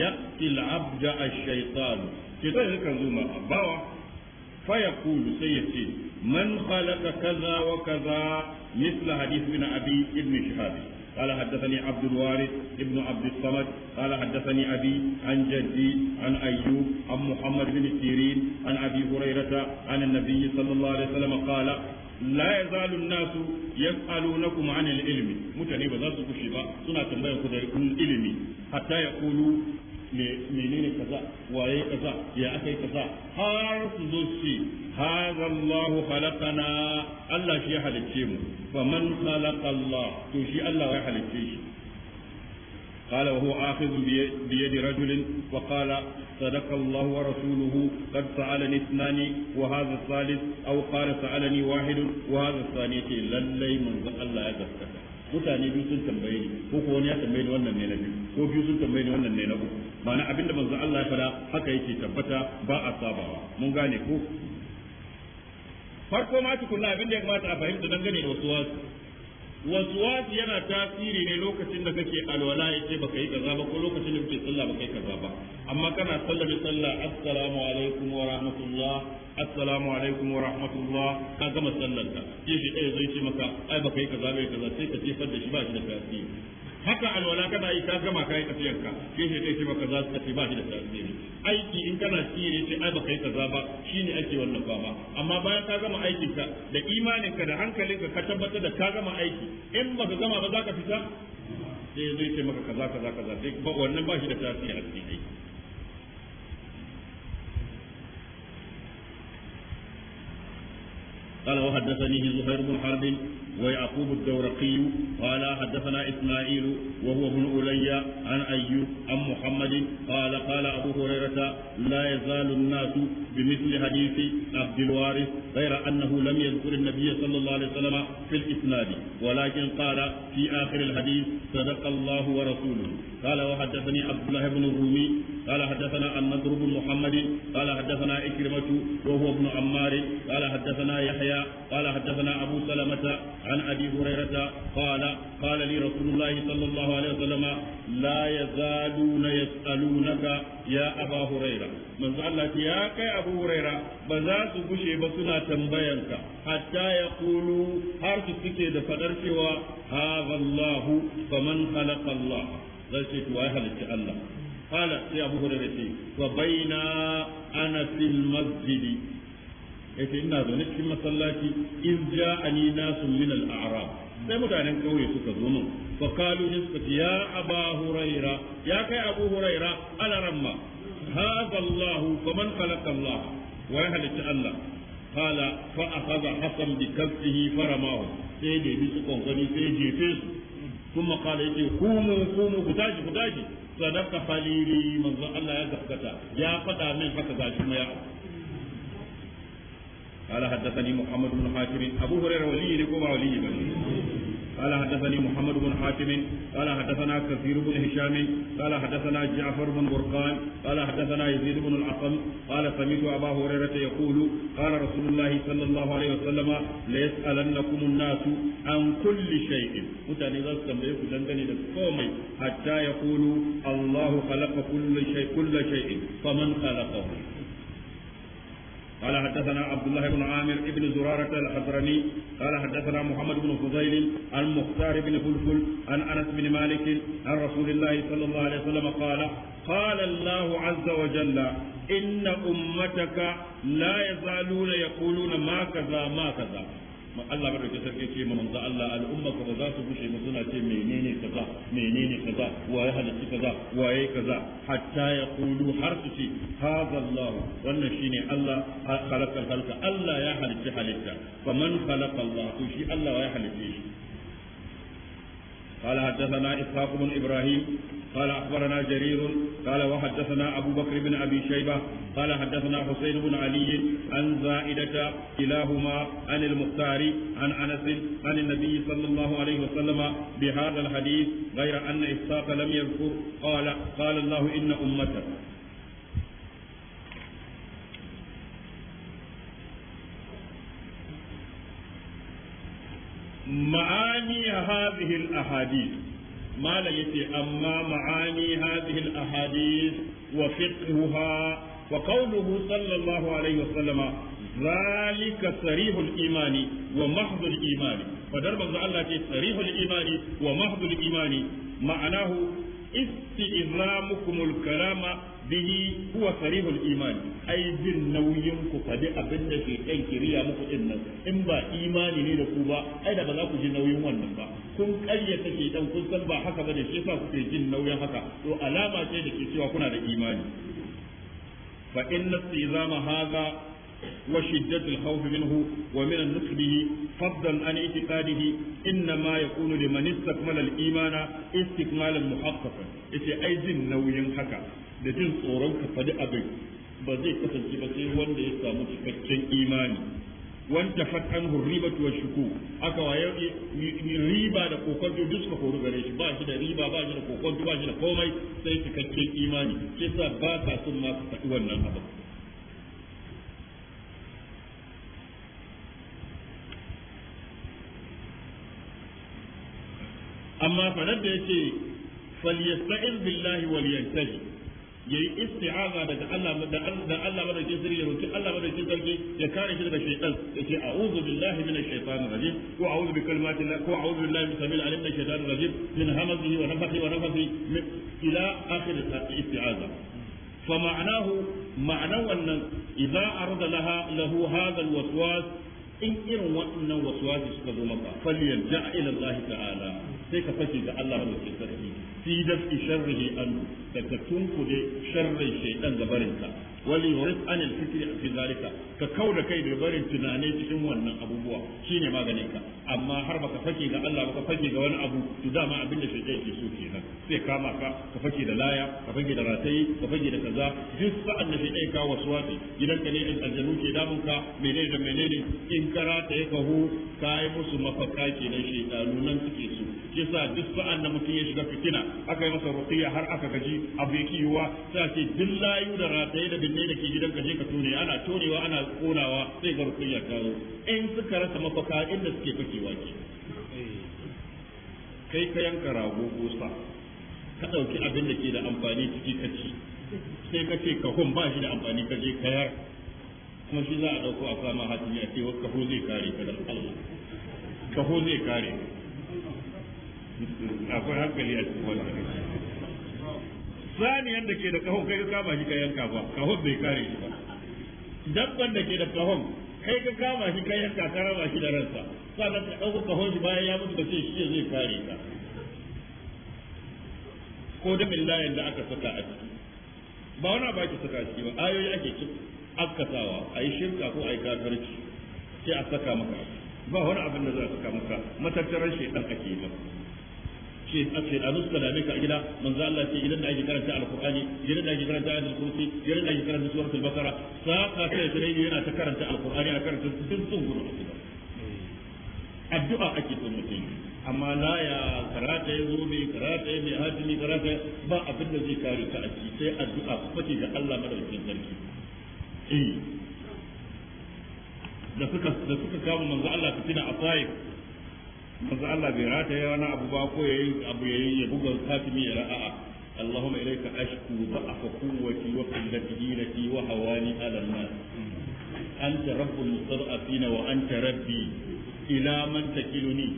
يأتي العبد الشيطان كذلك يكذب باوع فيقول سيتي من خلق كذا وكذا مثل حديث ابن أبي ابن شهاب قال حدثني عبد الوارث ابن عبد الصمد قال حدثني أبي عن جدي عن أيوب عن محمد بن سيرين عن أبي هريرة عن النبي صلى الله عليه وسلم قال لا يزال الناس يسألونكم عن العلم متني بذلك الشباب سنة تنبيه العلم حتى يقولوا menene kaza waye kaza ya akai kaza har su zo su hadha Allah Allah shi ya halicce mu man khalaqa Allah to shi Allah ya halicce shi قال وهو آخذ بيد رجل وقال صدق الله ورسوله قد سألني اثنان وهذا الثالث أو قال سألني واحد وهذا الثاني للي من الله يذكر mutane biyu sun tambaye ni ko kuwa wani ya tambaye ni wannan ne na biyu ko biyu sun tambaye ni wannan ne na uku ma'ana abinda manzo Allah ya fada haka yake tabbata ba a sabawa mun gane ko farko ma tukunna abinda ya kamata a fahimta dangane gane wasu wasu yana tasiri ne lokacin da kake alwala yace baka yi kaza ba ko lokacin da kake sallah baka yi kaza ba amma kana sallar sallah assalamu alaikum wa rahmatullah assalamu alaikum wa rahmatullah ka gama sallar ka ke shi ɗaya zai ce maka ai baka yi kaza bai kaza sai ka jefar da shi ba shi da tasiri haka alwala kana yi ka gama kai tafiyar ka ke shi ɗaya ce maka za su tafi ba shi da tasiri aiki in kana shi ne ce ai baka yi kaza ba shine ake wannan fama amma bayan ka gama aikin ka da imanin ka da hankalin ka ka tabbatar da ka gama aiki in baka gama ba za ka fita sai zai ce maka kaza kaza kaza sai wannan ba shi da tasiri a cikin aiki قال وحدثني زهير بن حرب ويعقوب الدورقي قال حدثنا إسماعيل وهو ابن أولي عن أيوب عن محمد قال قال أبو هريرة لا يزال الناس بمثل حديث عبد الوارث غير أنه لم يذكر النبي صلى الله عليه وسلم في الإسناد ولكن قال في آخر الحديث صدق الله ورسوله قال وحدثني عبد الله بن الرومي قال حدثنا النضر بن محمد قال حدثنا إكرمة وهو ابن عمار قال حدثنا يحيى قال حدثنا أبو سلمة عن أبي هريرة قال قال لي رسول الله صلى الله عليه وسلم لا يزالون يسألونك يا أبا هريرة من الله يا كي أبو هريرة بزاس بشي بسنا تنبينك حتى يقولوا هارت سكيد فدرك هذا الله فمن خلق الله ذلك وأهل الله قال يا أبو هريرة وبين أنا في المسجد yace ina zaune cikin masallaci in ja'ani nasun min al-a'rab sai mutanen kauye suka zo min fa qalu nisbati ya aba huraira ya kai abu huraira ala ramma hadha allah kaman khalaqa allah wa yahliku allah qala fa akhadha hasan bi kaffihi faramahu sai da bi su kongoni sai jefe su Kuma ثم قال يتي قوموا قوموا كتاجي كتاجي صدق خليلي من الله يا زكتا يا فدا من حتى ذا ما يا قال حدثني محمد بن حاتم أبو هريرة ولي لكم ولي بني قال حدثني محمد بن حاتم قال حدثنا كثير بن هشام قال حدثنا جعفر بن برقان قال حدثنا يزيد بن العقم قال سمعت ابا هريره يقول قال رسول الله صلى الله عليه وسلم ليسالنكم الناس عن كل شيء متاني ذا تملك دندني لكومي حتى يقولوا الله خلق كل شيء كل شيء فمن خلقه قال حدثنا عبد الله بن عامر بن زرارة الحضرمي قال حدثنا محمد بن فضيل عن مختار بن فلفل عن أنس بن مالك عن رسول الله صلى الله عليه وسلم قال قال الله عز وجل إن أمتك لا يزالون يقولون ما كذا ما كذا Allah bar da sarki ce manzo Allah al'umma ko za su bushe mu suna ce menene kaza menene kaza waye halitta kaza waye kaza hatta ya yaqulu har su ce hadha Allah wannan shine Allah khalaqa halka Allah ya halitta halitta faman khalaqa Allah to shi Allah ya halitta shi قال حدثنا إسحاق بن إبراهيم قال أخبرنا جرير قال وحدثنا أبو بكر بن أبي شيبة قال حدثنا حسين بن علي عن زائدة كلاهما عن المختار عن أنس عن النبي صلى الله عليه وسلم بهذا الحديث غير أن إسحاق لم يذكر قال قال الله إن أمتك ma'ani hadhihi al-ahadith ma la yati amma ma'ani hadhihi al-ahadith wa fiqhuha wa qawluhu sallallahu alayhi wa sallama zalika sarihul imani wa mahdhul imani fa darba Allah ce sarihul imani wa mahdhul imani ma'anahu istidramukum al-kalama به هو كريه الايمان اي جن نويم كفد ابن في كان كريا مكو ان ان با ايماني ني دكو با اي دا ku ji nauyin wannan ba kun kariya ta ke dan kun san ba haka bane shi yasa kuke jin nauyin haka to alama ce da ke cewa kuna da imani fa inna tizama hadha wa shiddatul khawf minhu wa min an-nukbihi fadlan an i'tiqadihi inna ma yakunu da istakmala al-imana istikmalan muhaqqaqan ita ai jin nauyin haka da jin tsoron ka faɗi abin ba zai kasance ba sai wanda ya samu cikakken imani wanda fatan riba wa shuku aka waye riba da kokonto duk suka koru gare shi ba shi da riba ba shi da kokonto ba shi da komai sai cikakken imani shi sa ba ka son ma ka faɗi wannan abin amma faɗar da yake falyasta'iz billahi wal yayi isti'aza daga Allah da Allah madaukin sirri ya roki Allah madaukin sarki ya kare shi daga shaytan yace a'udhu billahi minash shaitanir rajim wa a'udhu bi kalimati Allah ko a'udhu billahi min samil alim minash shaitanir rajim min hamazihi wa nafthihi wa nafthihi ila akhir isti'aza فمعناه معنى wannan, إذا أرد لها له هذا الوسواس in irin waɗannan wasuwasi suka zo maka falyarja ila Allah ta'ala sai ka fake ga Allah da ke sarki fi dafi sharrihi an tsarkakattun ku da sharrin shaytan gabarinka wali yurid anil fikri fi zalika ka kau da kai da barin tunani cikin wannan abubuwa shine maganin ka amma har baka fake ga Allah baka fake ga wani abu to dama abin da shaitan ke so kenan sai kama ka ka fake da laya ka fake da ratayi ka fake da kaza duk sa'an da shaitan ka waswasi gidan ka ne aljanu ke damun ka menene da menene in ka ya kahu kai musu mafaka kenan shaitanu nan suke so Kisa duk sa'an da mutum ya shiga fitina aka yi masa ruqiyya har aka gaji abu yake yiwa sai ce duk layu da rataye da binne da ke gidan ka je ka tone ana tonewa ana konawa sai ga ya kawo in suka rasa mafaka inda suke fakewa ke kai ka yanka rago kusa ka ɗauki abin da ke da amfani ciki ka ci sai ka ce ka hun ba shi da amfani ka je ka yar kuma shi za a ɗauko a kama hatimi a ce wa ho zai kare ka da Allah ho zai kare akwai hankali a cikin wannan sani yadda ke da kahon kai ka kama shi ka yanka ba kahon bai kare shi ba dabban da ke da kahon kai ka kama shi kai yanka ka raba shi da ransa sannan ka ɗauka kahon shi bayan ya mutu ka ce shi zai kare ka ko da min layin da aka saka a ciki ba wani ba ki saka ciki ba ayoyi ake ci akkasawa a yi shirka ko a yi kafirci sai a saka maka ba wani abin da za a saka maka matattarar shi ɗan ake yi shi ake a nuska da ka a gida manzo Allah ce gidan da ake karanta alqur'ani gidan da ake karanta ayatul kursi gidan da ake karanta suratul bakara saka sai sai yana ta karanta alqur'ani a karanta sun sun gudu addu'a ake so mutum amma la ya karata ya zo mai karata ya mai hatimi karata ba abin da zai kare ka a ciki sai addu'a ku ga Allah madaukakin sarki eh da suka da suka kama manzo Allah fitina a fayif manzo Allah bai rataya wani abu ba ko yayi abu yayi ya buga katimi ya ra'a اللهم إليك أشكو ضعف قوتي وقلة دينتي وهواني على الناس أنت رب المستضعفين وأنت ربي إلى من تكلني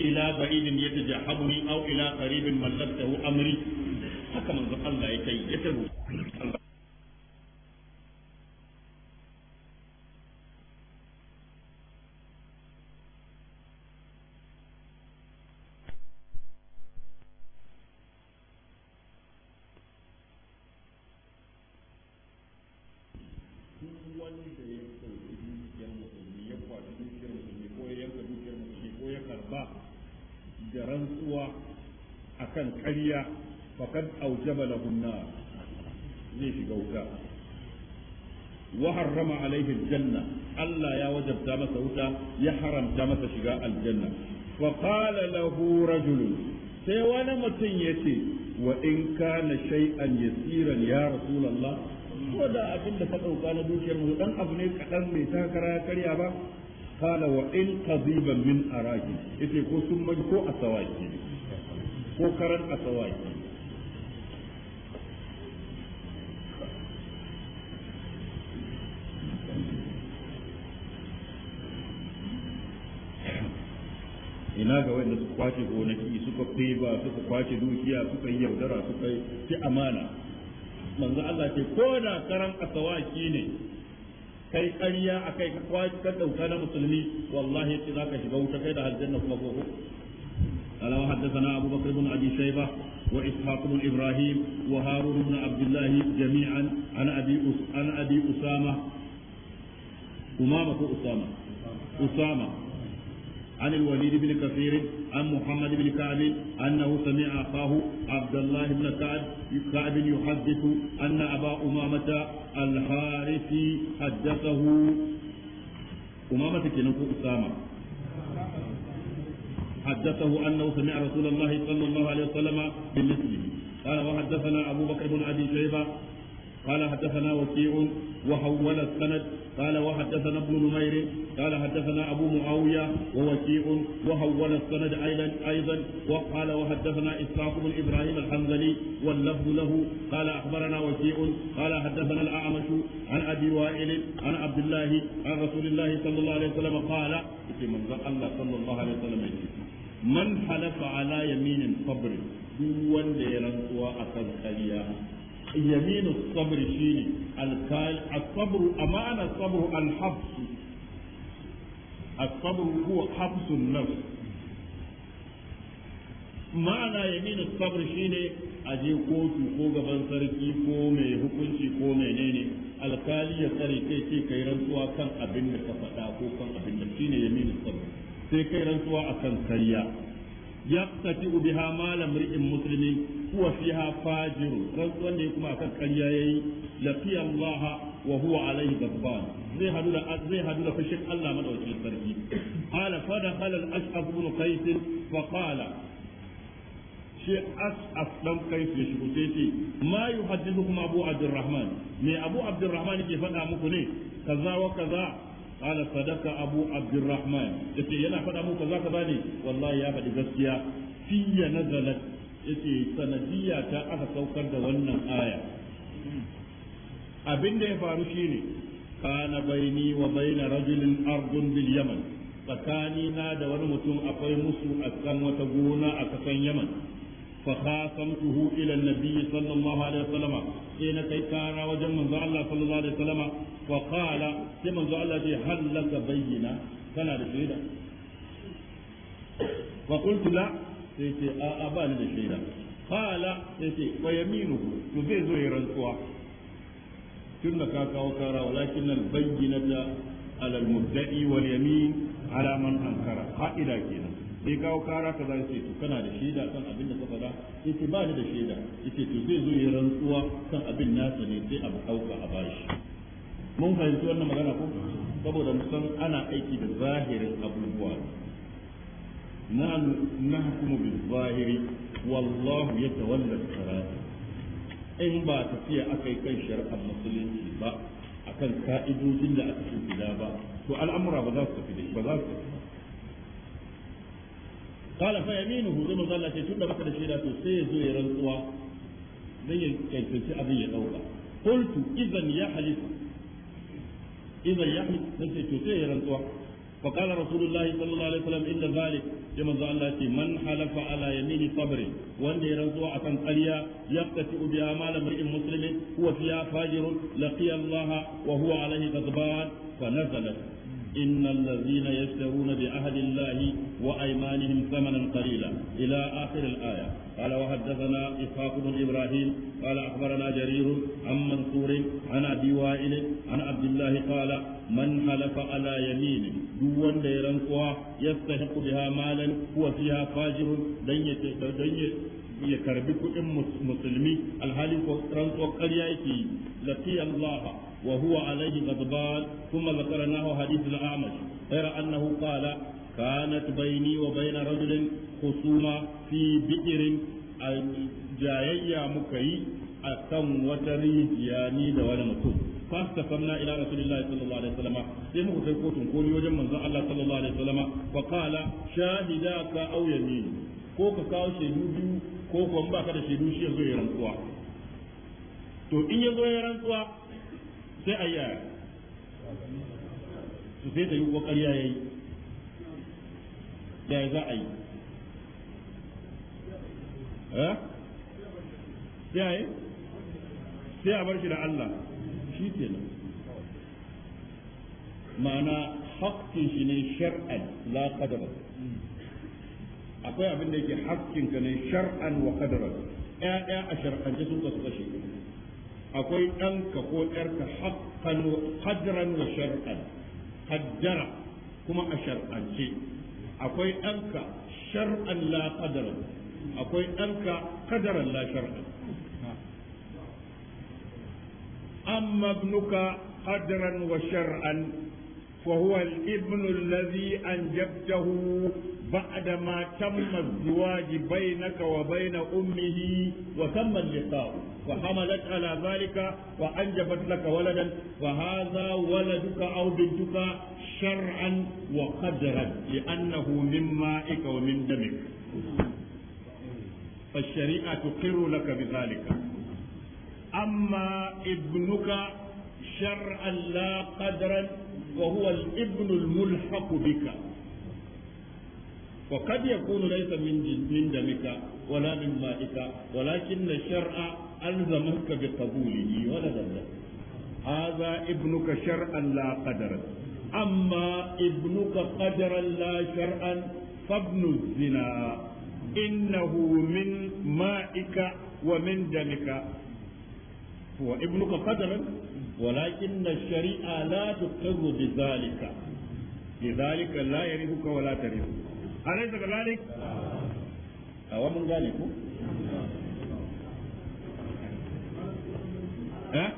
إلى بعيد يتجحبني أو إلى قريب ملكته أمري حكم الله يتي ƙarya faqad aujaba lahun nar zai shiga wuta wa harrama alaihi Allah ya wajabta masa wuta ya haramta masa shiga aljanna wa qala lahu rajulun sai wani mutum yace wa in kana shay'an yasiran ya rasulullah ko da abin da ka dauka na dukiyar mu dan abu ne kadan mai takara karya ba a وإن قضيبا ko sun ko a مجكو أسواكي ko karan asawaki ina ga wanda su kwace gonaki suka ba suka kwace dukiya suka yi yaudara suka yi ci amana manzo Allah ce ko da karan asawaki ne kai ƙarya akai ka kwace ka dauka na musulmi wallahi ce zaka shiga wuta kai da aljanna kuma gobe قال وحدثنا أبو بكر بن أبي شيبة وإسحاق بن إبراهيم وهارون بن عبد الله جميعا عن أبي عن أبي أسامة أمامة أسامة أسامة عن الوليد بن كثير عن محمد بن كعب أنه سمع أخاه عبد الله بن كعب كعب يحدث أن أبا أمامة الحارثي حدثه أمامة كنوك أسامة حدثه أنه سمع رسول الله صلى الله عليه وسلم بمثله قال وحدثنا أبو بكر بن أبي شيبة قال حدثنا وكيع وحول السند قال وحدثنا ابن نمير قال حدثنا أبو معاوية ووكيع وحول السند أيضا أيضا وقال وحدثنا إسحاق بن إبراهيم الحنظلي واللفظ له قال أخبرنا وكيع قال حدثنا الأعمش عن أبي وائل عن عبد الله عن رسول الله صلى الله عليه وسلم قال في منزل الله صلى الله عليه وسلم man halafa ala yaminin sabri duk wanda ya rantsuwa akan kariya yaminin sabri ne alkal asabru amana sabru alhabs asabru huwa habsun nafs ma'ana yaminin sabri a je kotu ko gaban sarki ko mai hukunci ko menene alkali ya tsare kai ce kai rantsuwa kan abin da ka faɗa ko kan abin da shine yaminin sabri sai kai rantsuwa a akan karya yaqtati biha mal imri'in muslimin huwa fiha fajir rantsuwan ne kuma akan karya yayi laqiya Allah wa huwa alaihi ghadban zai hadu da zai hadu da fushin Allah madaukakin sarki qala fa dakhala al-ash'ab ibn qais fa qala shi as'af dan kai ya shigo sai ce ma yuhaddithukum abu abdurrahman me abu abdurrahman ke faɗa muku ne kaza wa kaza Yana sadaka abu abdulrahman da ke yana faɗa muka zaka bani. Wallahi ya faɗi gaskiya. Siyiya na zanet da ke sanadiyya ta aka saukar da wannan aya. Abinda ya faru shine ne. Ka na bai ni ardun biyar yaman? Fasani na da wani mutum akwai musu akan wata gona a kakan yaman. فخاصمته إلى النبي صلى الله عليه وسلم حين كيكارا وجم من الله صلى الله عليه وسلم وقال كما الله هل لك بينا كان بشيدا فقلت لا سيتي أبان بشيدا قال سيتي ويمينه تزيز يرنسوا كنا كاكا وكارا ولكن البينة على المدعي واليمين على من أنكر قائلا كنا sai kawo kara kaza yace to kana da shaida kan abin da ka faɗa yace ba ni da shaida yace to zai zo ya rantsuwa kan abin nasa ne sai abu ɗauka a bashi mun fahimci wannan magana ko saboda mu san ana aiki da zahirin abubuwa nahnu nahkumu bil zahiri wallahu yatawalla al-qarara in ba tafiya akai kan shari'ar musulunci ba akan ka'idojin da aka shimfida ba to al'amura ba za su tafi ba za su tafi qala fa yaminuhu zai manzo Allah ce tunda da shaida to sai ya zo ya rantsuwa dan ya kankanci abin ya dauka qultu idan ya halifa idan ya halifa sai to ya rantsuwa فقال رسول الله صلى الله عليه وسلم إن ذلك كما الله من حلف على يمين صبر يقتئ امرئ مسلم هو فيها فاجر لقي الله وهو عليه غضبان فنزلت إن الذين يشترون بعهد الله وأيمانهم ثمنا قليلا إلى آخر الآية قال وحدثنا إسحاق بن إبراهيم قال أخبرنا جرير عن منصور عن أبي وائل عن عبد الله قال من حلف على يمين دون ديران يستحق بها مالا هو فيها فاجر دنيا ya karbi kuɗin musulmi alhalin ko rantsuwar ƙarya yake yi lafiya Allah وهو عليه غضبان ثم ذكر أنه حديث الأعمش غير أنه قال كانت بيني وبين رجل خصومة في بئر جاية مكي أكم وتريد يعني دولة مكتوب فاستقمنا الى رسول الله صلى الله عليه وسلم sai muka kotun koli wajen manzon Allah sallallahu alaihi wasallam fa qala shahidaka aw yamin ko ka kawo shaidu biyu ko kuma ba ka shaidu shi ya rantsuwa to in yazo ya rantsuwa sai a yi su sai ta yi kokari ya yi ya za a yi sai a yi sai a bar shi da Allah shi ke nan ma'ana haƙƙin shi ne shar'an la kadara akwai abin da yake haƙƙin ka ne shar'an wa ɗaya ɗaya a shar'ance sun kasu kashe akwai ɗanka ko ɗarka haƙƙan wa shar'an hajjara kuma a shar'ance akwai ɗanka shar'an la qadara akwai ɗanka qadaran la shar'an amma ibnuka qadran wa shar'an fa huwa al-ibnu alladhi anjabtahu بعد ما تم الزواج بينك وبين أمه وتم اللقاء وحملت على ذلك وأنجبت لك ولدا وهذا ولدك أو بنتك شرعا وقدرا لأنه من مائك ومن دمك فالشريعة تقر لك بذلك أما ابنك شرعا لا قدرا وهو الابن الملحق بك وقد يكون ليس من من دمك ولا من مائك ولكن الشرع ألزمك بقبوله ولا ذلك هذا ابنك شرعا لا قدرا أما ابنك قدرا لا شرعا فابن الزنا إنه من مائك ومن دمك هو ابنك قدرا ولكن الشريعة لا تقر بذلك لذلك لا يرثك ولا ترثك alaysa kadhalik awa mun gane ko eh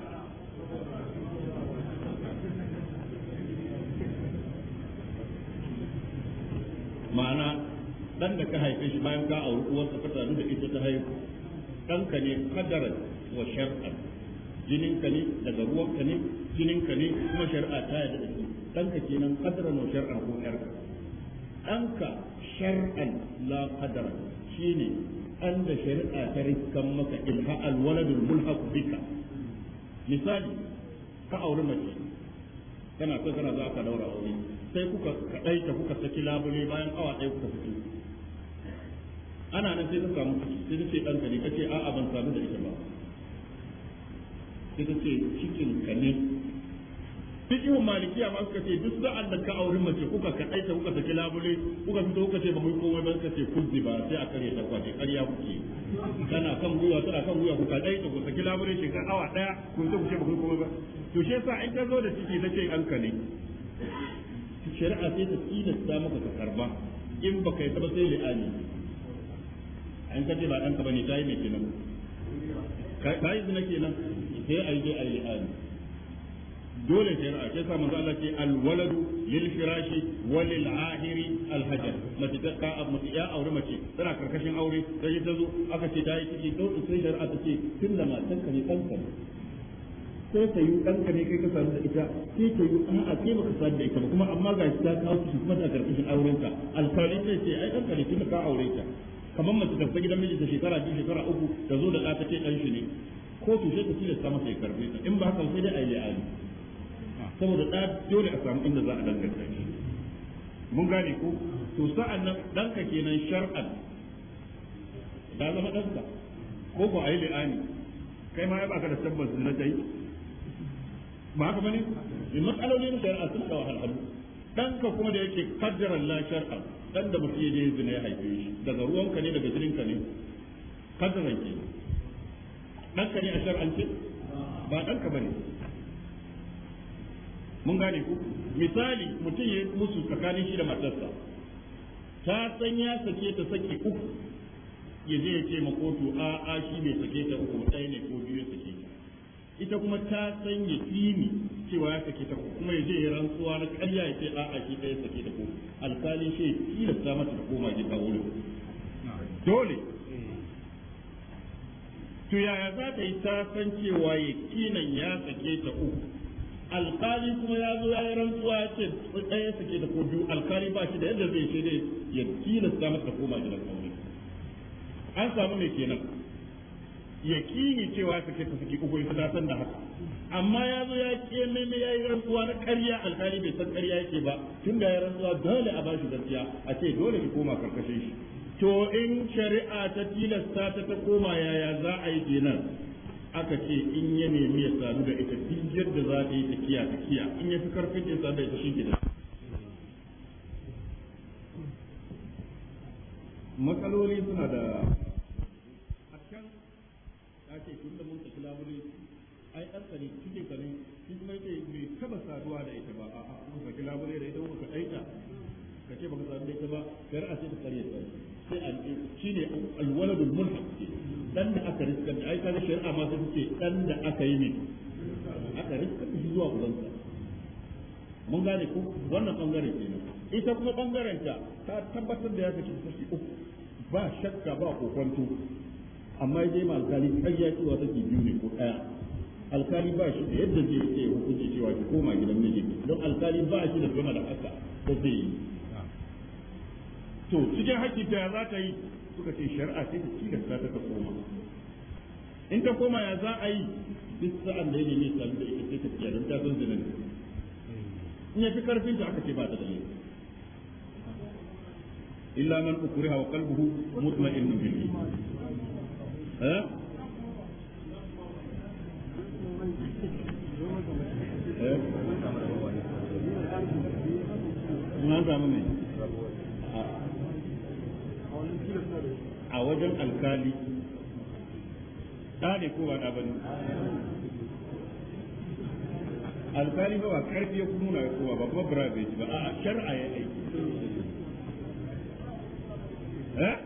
ma'ana dan da ka haife shi bayan ka auri uwarsa ka sadu da ita ta haihu ɗanka ne kadaran wa shar'an jininka ne daga ruwanka ne jininka ne kuma shar'a ta yadda da shi ɗanka kenan kadaran wa shar'an ko ƴarka ɗanka shar'an la qadara shine an da shari'a ta rikan maka ilha alwaladul mulhaq bika misali ka auri mace kana so kana za ka daura aure sai kuka kadai ta kuka saki labule bayan awa ɗaya kuka fito ana nan sai kuka samu sai kace ce ɗanka ne kace a'a ban samu da ita ba sai kace ce cikin ka ne duk yiwu malikiya ma suka ce duk sa'an da ka aure mace kuka ka aita kuka saki labule kuka fito kuka ce ba mu komai ba suka ce kuzzi ba sai a kare ta kwace ƙarya kuke kana kan gwiwa tana kan gwiwa kuka aita ku saki labule shi ka awa daya ku zo ku ce ba mu komai ba to shi yasa in ka zo da ciki na ce an kane shari'a sai ta ta maka ka karba in ba kai ta ba sai li'ani an ka ce ba ɗanka ba ne ta yi mai kenan ta yi zina kenan sai a yi je a yi li'ani dole sai ra'a sai sa manzo Allah ce al waladu lil firashi wa lil ahiri al hajar mace ta ka abu ya aure mace tana karkashin aure sai ta zo aka ce ta yi ciki to sai da ta ce tun da matan ka ne kanka sai ta yi ɗanka ne kai ka samu da ita sai ta yi a ke baka samu da ita ba kuma amma ga ta kawo shi kuma ta karkashin aurenka alkali sai ce ai ɗanka ne tun ka aure ta kamar mace ta gidan ta shekara biyu shekara uku ta zo da ta ce dan shi ne ko to sai ta tilasta masa ya karbe ta in ba haka sai dai a yi saboda da dole a samu inda za a danganta shi mun gane ko to sa'an nan ɗanka kenan shar'an da zama ɗanka, ko a yi li'ani kai ma ai baka da tabbas na dai ba haka bane in matsaloli na shari'a sun da wahalhalu ka kuma da yake kaddaran la shar'a dan da mutum yaje zina ya haife shi daga ruwanka ne daga jininka ne kaddaran ke ka ne a shar'ance ba danka bane mun gane ku misali mutum ya yi musu tsakanin shi da matarsa ta san ya sake ta sake uku ya je ya ce ma kotu a a shi bai sake ta uku ɗaya ne ko biyu ya sake ta ita kuma ta san ya fini cewa ya sake ta kuma ya je ya rantsuwa na ƙarya ya ce a a shi ɗaya sake ta ko alƙalin shi ya tilasta mata ta koma gida wurin dole to yaya za ta yi ta san cewa ya kinan ya sake ta uku alkali kuma ya zo ya yi rantsuwa ya ce ɗaya suke da ko biyu alkali ba shi da yadda zai ce dai ya tilasta masa koma gidan aure an samu mai kenan kini cewa suke ta suke uku su san da haka amma ya zo ya ce meme ya yi rantsuwa na ƙarya alkali bai san ƙarya yake ba tun da ya rantsuwa dole a bashi gaskiya a ce dole ki koma karkashin shi to in shari'a ta tilasta ta ta koma yaya za a yi kenan aka ce in ya nemi ya sadu da ita duk yadda za ta yi tafiya tafiya in ya fi karfin ya sadu da ita shi gida matsaloli suna da a can ta ce tun da mun tafi labule ai ɗan tsari cikin tsari shi kuma yake bai taba saduwa da ita ba a a kuma tafi da ita kuma ka ɗaita ka ce ba ka sadu da ita ba kar a ce ta tsari ya tsari shi shine alwaladul mulhaq dan da aka riskar da ai kaga shari'a ma sai ce dan da aka yi ne aka riskar shi zuwa ubansa mun gane ko wannan bangare ne ita kuma bangaren ta ta tabbatar da ya kace kashi uku ba shakka ba kokonto amma dai ma alkali ƙarya cewa take biyu ne ko ɗaya alkali ba shi da yadda zai ce hukunci cewa ki koma gidan miji don alkali ba shi da sama da haka da zai yi to cikin haƙƙi ta za ta yi suka ce shari'a ce ta ta koma in ta koma ya za a yi duk sa'an da ya ne sami da ita ce ta don ta zan zina in ya fi karfin ta aka ce ba ta da illa man ukuri hawa kalbuhu mutuwa in nufi eh eh na samu a wajen alkali ɗane ko ba ɗa ba ne alkali ba ba karfi ya kuma na kowa ba kuma bura ba a a ya aiki da eh?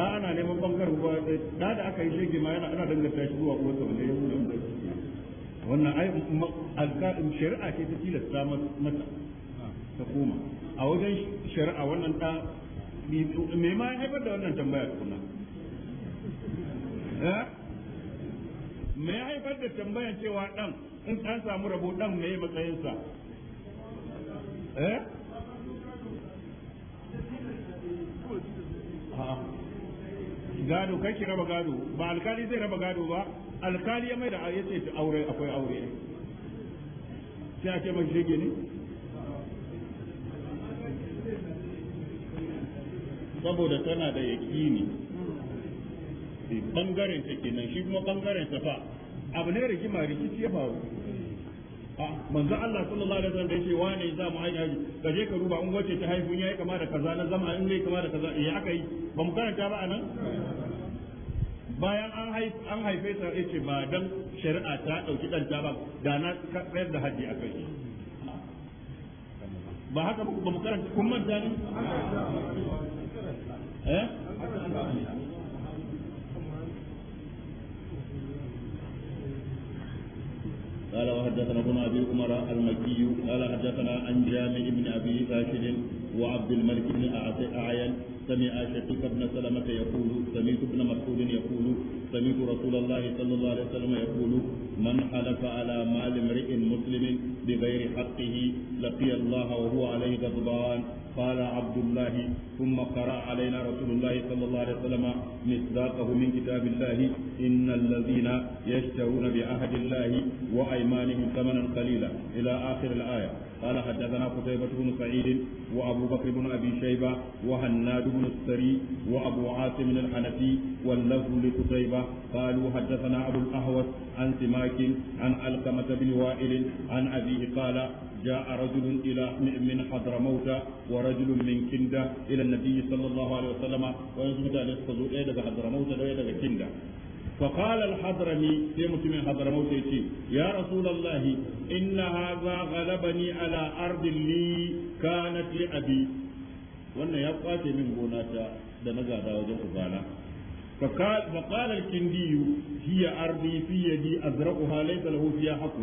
ana neman bangar ruwa da eh, da aka yi shege ma yana ana danganta shi zuwa kowace wanda ya wannan ai alƙa'in shari'a ce ta tilasta mata ta koma a wajen shari'a wannan ta me ma ya haifar da wannan tambaya tukuna eh? me ya haifar da tambayan cewa dan in an samu rabo dan me ya matsayinsa eh gado kai ki raba gado ba alkali zai raba gado ba alkali ya mai da ya ce aure akwai aure sai a ce mashi shege ne saboda tana da yakini bangaren ta kenan shi kuma bangaren ta fa abu ne rigima rikici ya faru manzo Allah sallallahu alaihi wasallam yace wane za mu hanya ka je ka ruba in wace ta haifu yayi kama da kaza na zama in ne kama da kaza eh akai ba mu karanta ba anan bayan an haife ta yace ba dan shari'a ta dauki danta ba da na tsayar da haji akan shi ba haka ba mu karanta kun manta ne eh قال وحدثنا ابن ابي عمر المكي قال حدثنا عن جامع بن ابي راشد وعبد الملك بن اعين سمع شقيق بن سلمة يقول سمعت ابن مسعود يقول سمعت رسول الله صلى الله عليه وسلم يقول من حلف على مال امرئ مسلم بغير حقه لقي الله وهو عليه غضبان قال عبد الله ثم قرأ علينا رسول الله صلى الله عليه وسلم مصداقه من كتاب الله إن الذين يشترون بعهد الله وأيمانهم ثمنا قليلا إلى آخر الآية قال حدثنا قتيبة بن سعيد وأبو بكر بن أبي شيبة وهناد بن السري وأبو عاصم الحنفي واللفظ لقتيبة قالوا حدثنا أبو الأهوس عن سماك عن علقمة بن وائل عن أبيه قال جاء رجل إلى من حضرموت ورجل من كندة إلى النبي صلى الله عليه وسلم ويزمت عليه الصدور إيه حضرموت وإيه كندة فقال الحضرمي في مسلم حضرموت يا رسول الله إن هذا غلبني على أرض لي كانت لأبي wannan ya kwace min gona ta da na gada wajen ubana al-kindi hiya ardi fi yadi أزرقها ليس lahu fiha haqq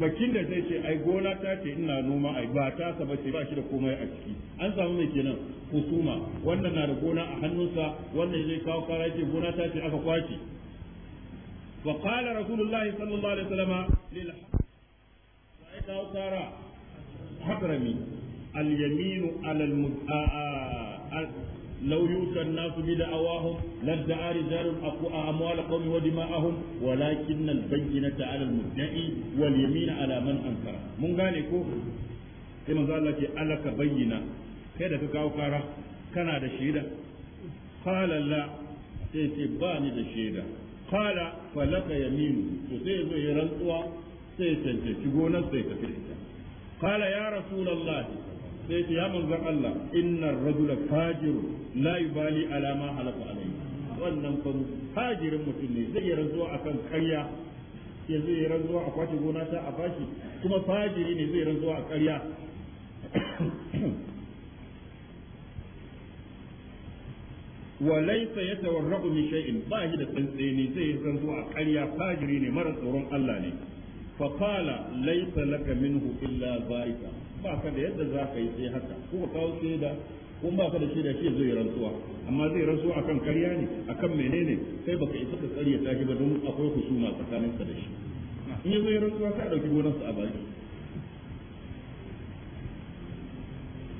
bakin da zai ce ai gona ta ce ina noma ai ba ta sa bace ba shi da komai a ciki an samu mai kenan kusuma wannan na da gona a hannunsa wannan zai kawo kara ce gona ta ce aka kwace wa qala rasulullahi sallallahu alaihi wasallam lil hadrami اليمين على المد... لو يوتى الناس بدعواهم لادعى رجال أموال قوم ودماءهم ولكن البينة على المدعي واليمين على من أنكر من قال sai manzo Allah ce alaka bayyana kai da ka kawo kara kana da shaida qala la sai ce ba da shaida qala falaka yaminu to zo ya rantsuwa sai gonar sai ka ya rasulullah sai ya manzon Allah innar rajula fajiru la yubali ala ma halaka alayhi wannan fa fajirin mutum ne zai yi rantsuwa akan karya ya zai yi rantsuwa a kwace gona ta a fashi kuma fajiri ne zai rantsuwa a karya yatawarra'u min shay'in ba shi da tsantseni zai zanto a ƙarya fajiri ne mara tsoron Allah ne fa qala laysa laka minhu illa barika ba ka da yadda za ka yi sai haka ko ka kawo sai da ko ba ka da shi da shi zai rantsuwa amma zai rantsuwa akan karya ne akan menene kai baka isa ka tsariya ta shi ba don akwai kusuma tsakanin ka da shi in ya zai rantsuwa ka dauki gonar sa a baki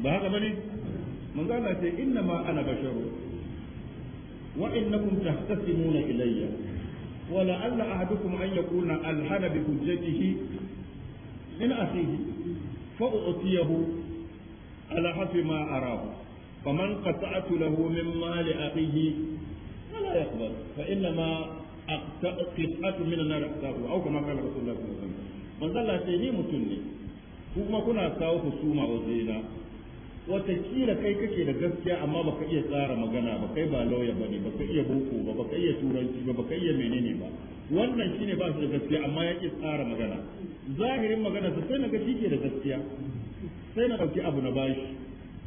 ba haka bane manzo Allah ce inna ma ana basharu wa innakum tahtasimuna ilayya ولعل أحدكم أن يكون ألحن بحجته من أخيه فأعطيه على حسب ما أراه فمن قطعت له من مال أخيه فلا يقبل فإنما قطعة من النار أحسابه أو كما قال رسول الله صلى الله عليه وسلم من ظل سيدي متني kuma kuna kawo husuma wajena watakila kai kake da gaskiya amma baka iya tsara magana ba kai ba lauya bane baka iya boko ba baka iya turanci ba baka iya menene ba wannan shine ba su da gaskiya amma yake tsara magana zahirin magana su sai na ga shi ke da gaskiya sai na ɗauki abu na bashi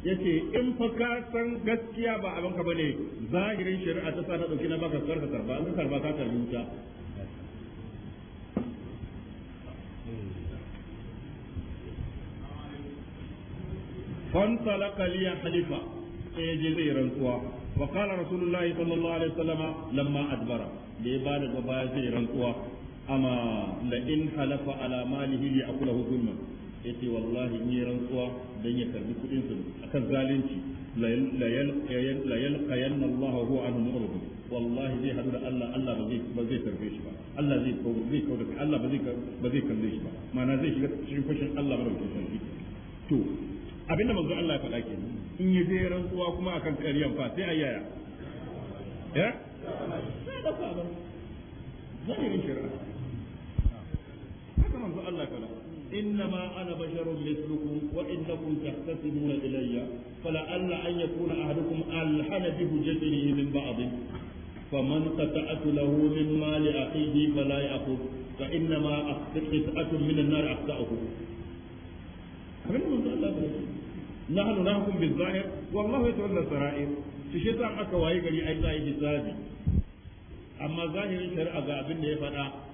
ya ce in fa ka san gaskiya ba abin ka bane zahirin shari'a ta sa na ɗauki na baka karka karba an karba ka karbi wuta fanta la kaliya halifa sai eh, je zai rantsuwa wa kala rasulullahi sallallahu alaihi wasallama lamma adbara da bada ba da gaba ya zai rantsuwa amma da in halafa ala malihi li akula zulma yace wallahi ni rantsuwa dan ya karbi kudin su akan zalunci la yalqayanna Allah huwa an mu'rid wallahi zai hadu da Allah Allah ba zai ba zai karbe shi ba Allah zai ko zai ko da Allah ba zai ba zai karbe shi ba ma'ana zai shiga cikin fushin Allah ba da sarki to abinda manzo Allah ya faɗa ke in ya je rantsuwa kuma akan ƙaryan fa sai ayyaya ya eh? sai da sabon zai yi shirka ta Allah kana إنما أنا بشر مثلكم وإنكم تختصمون إلي فلعل أن يكون أحدكم ألحن بحجته من بعض فمن قطعت له من مال أخيه فلا يأخذ فإنما قطعة من النار أخطأه نحن نحكم بالظاهر والله يتولى السرائر shi shi sa aka waye gari ai za hisabi amma zahirin shari'a ga abin da ya faɗa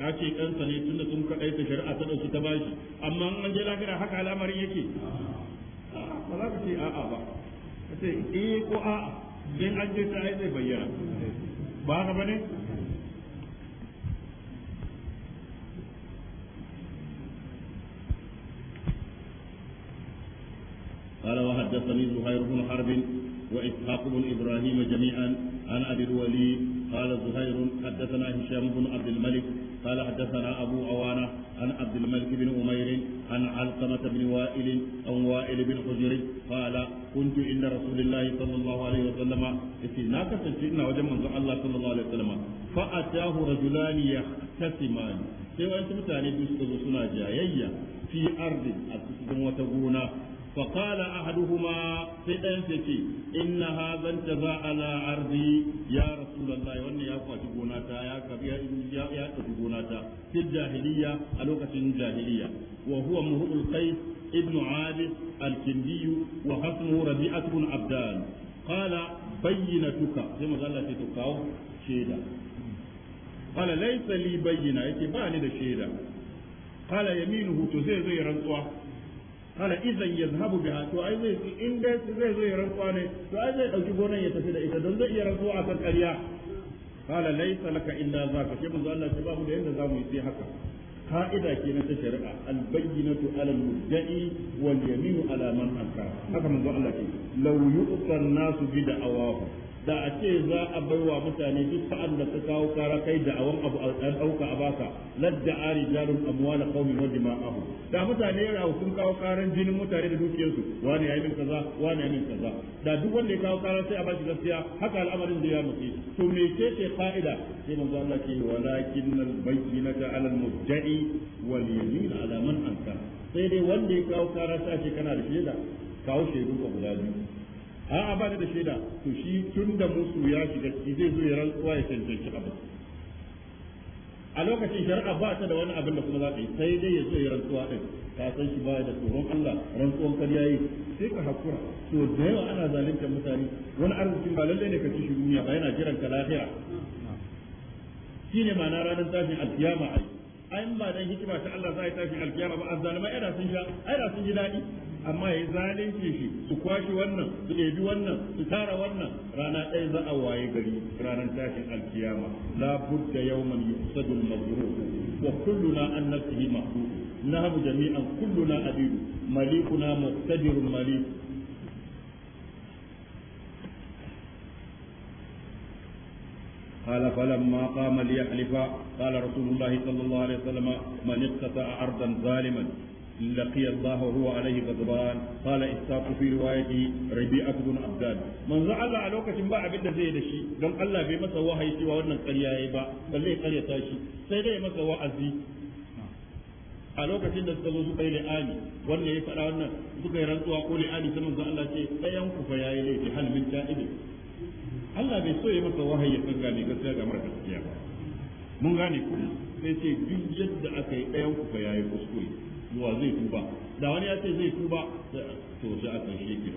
ka ce ɗansa ne tunda sun kaɗai ta shari'a ta ɗauki ta bashi amma an an je lafiya haka al'amarin yake ba za ka ce a'a ba ka ce eh ko a'a in an je ta ai zai bayyana ba haka ba ne قال وحدثني زهير بن حرب وإسحاق بن إبراهيم جميعا عن أبي الوليد قال زهير حدثنا هشام بن عبد الملك قال حدثنا أبو عوانة عن عبد الملك بن أمير عن علقمة بن وائل أو وائل بن حجر قال كنت عند رسول الله صلى الله عليه وسلم استناك سجدنا وجمع الله صلى الله عليه وسلم فأتاه رجلان يختصمان sai wa'yansu mutane biyu suka zo suna jayayya fi ardin a cikin wata gona فقال أحدهما سيدان سيكي إن هذا انتبع على عرضي يا رسول الله وأن يا فاتبوناتا يا كبير يا يا تبوناتا في الجاهلية ألوكة الجاهلية وهو مرء القيس ابن عابس الكندي وحسمه ربيعة بن عبدان قال بينتك كما قال الله تتقاو شيدا قال ليس لي بينة يتبعني دا شيدا قال يمينه تزيزي رنطوة kana ya zahabu biha to ai zai in dai zai zo ya rantsuwa ne to ai zai dauki gonan ya tafi da ita don zai iya rantsuwa akan ƙarya qala laysa laka illa zaka shi manzo Allah ya ba mu da yanda zamu yi sai haka ka'ida na ta shari'a al-bayyinatu 'ala al-mudda'i wal yaminu 'ala man haka manzo Allah ke law yu'ta nasu bi da a ce za a baiwa mutane duk sa'an da ka kawo kara kai da awan abu al'an dauka a baka ladda ari jarun amwala qaumin wa dima'ahum da mutane ya rawu kun kawo karan jinin mutane da dukiyarsu, su wani yi min kaza wani yi min kaza da duk wanda ya kawo kara sai a bashi gaskiya haka al'amarin da ya mutsi to me ce ce fa'ida sai manzo Allah ke walakin al bayyinata ala al mudda'i wal yamin ala man ankara sai dai wanda ya kawo kara sai kana da shaida kawo shaidu ka guda biyu a'a ba ni da shaida to shi tun da musu ya shiga ciki zai zo ya rantsuwa ya cancanci abu a lokacin shari'a ba ta da wani abin da kuma za ka yi sai dai ya zo ya rantsuwa din ka san shi baya da tsoron Allah rantsuwan karya yi sai ka hakura to da yawa ana zalunta mutane wani arzikin ba lallai ne ka ci shi duniya ba yana jiran ka lafiya ne ma'ana ranar tashin alkiyama ai ai ba dan hikima ta Allah za yi tashin alkiyama ba azzalima ai da sun sha ai da sun ji daɗi amma ya zalunce shi su kwashi wannan su ɗebi wannan su tara wannan rana ɗaya za a waye gari ranar tashin alkiyama la budda yawman yusadu al-mazrur wa kulluna an nafsihi mahdud nahmu jami'an kulluna abidu malikuna muqtadirun malik قال فلما قام ليحلف قال رسول الله صلى الله عليه وسلم من اقتطع ارضا ظالما لقي الله وهو عليه غضبان قال إساق في روايته ربيعة بن عبدان من زعل على وقت باع بدا زيد دشي قال الله في مسا وحي سوى ودن قريا يبا قال ليه قرية تاشي سيدا مسا وعزي a lokacin da suka zo suka yi li'ani wanda ya faɗa wannan suka yi rantsuwa ko li'ani sai manzo Allah ce ɗayan ku fa yayi laifi hal min ta'ibi Allah bai so ya masa wahayi san gane gaskiya ga marka gaskiya ba mun gane ku sai ce duk yadda aka yi ɗayan ku fa yayi kuskure wa zai tuba da wani ya ce zai tuba to sai a kan shi ke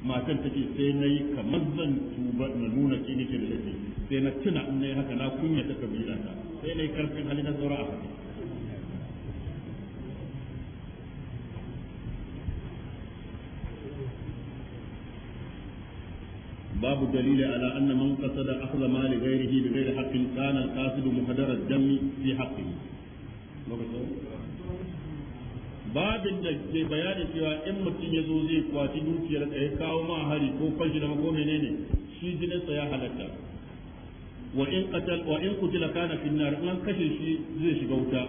matan ce sai na yi kamar zan tuba na nuna ki nake da laifi sai na tuna in na yi haka na kunya ta kabila ta sai na yi karfin hali na zaura a haka باب دليل على أن من قصد أخذ مال غيره بغير حق كان القاصد مهدر الدم في حقه. babin da ke bayani cewa in mutum ya zo zai kwaci dukiyar da ya kawo ma hari ko fashi da ko menene shi jininsa ya halatta wa in qatal wa in qutila kana fi nar an kashe shi zai shiga wuta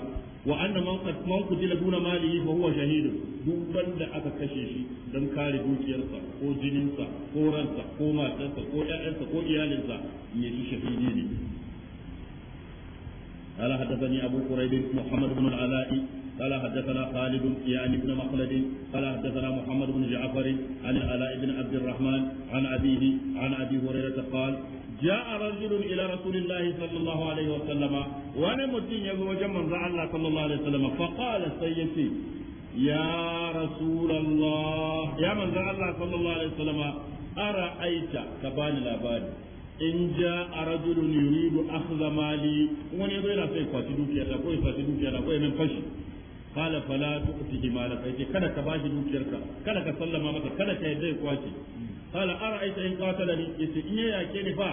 wa anna man qad man qutila duna malihi fa huwa shahid duk wanda aka kashe shi dan kare dukiyarsa ko jininsa ko ransa ko matarsa ko ƴaƴansa ko iyalinsa ne shi shahidi ne قال حدثني أبو قريب محمد بن العلاء قال حدثنا خالد يعني ابن مخلد قال حدثنا محمد بن جعفر عن العلاء بن عبد الرحمن عن أبيه عن أبي هريرة قال جاء رجل إلى رسول الله صلى الله عليه وسلم وانا متين يزوج من الله صلى الله عليه وسلم فقال سيدي يا رسول الله يا من الله صلى الله عليه وسلم أرأيت كبان الأباد in ja a rajulun yuridu akhdha mali wani zai na sai kwaci dukiya ta ko ya kwaci dukiya ta ko ya min fashi qala fala tu'tihi malaka yace kada ka bashi dukiyarka kada ka sallama maka kada ka yadda ya kwace qala ara'aita in qatalani yace in ya yake ni fa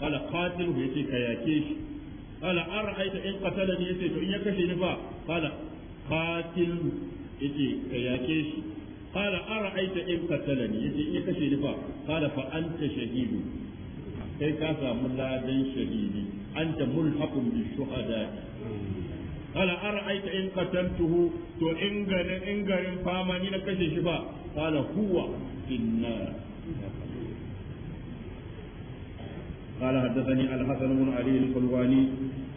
qala qatiluhu yace ka yake shi qala ara'aita in qatalani yace to in ya kashe ni fa qala qatil yace ka yake shi qala ara'aita in kashe ni fa fa kai ka samu ladan shahidi anta mulhaqun bi قال أرأيت إن قتلته تو إن غرم فاما نكشف قال هو في النار قال حدثني الحسن بن علي القلواني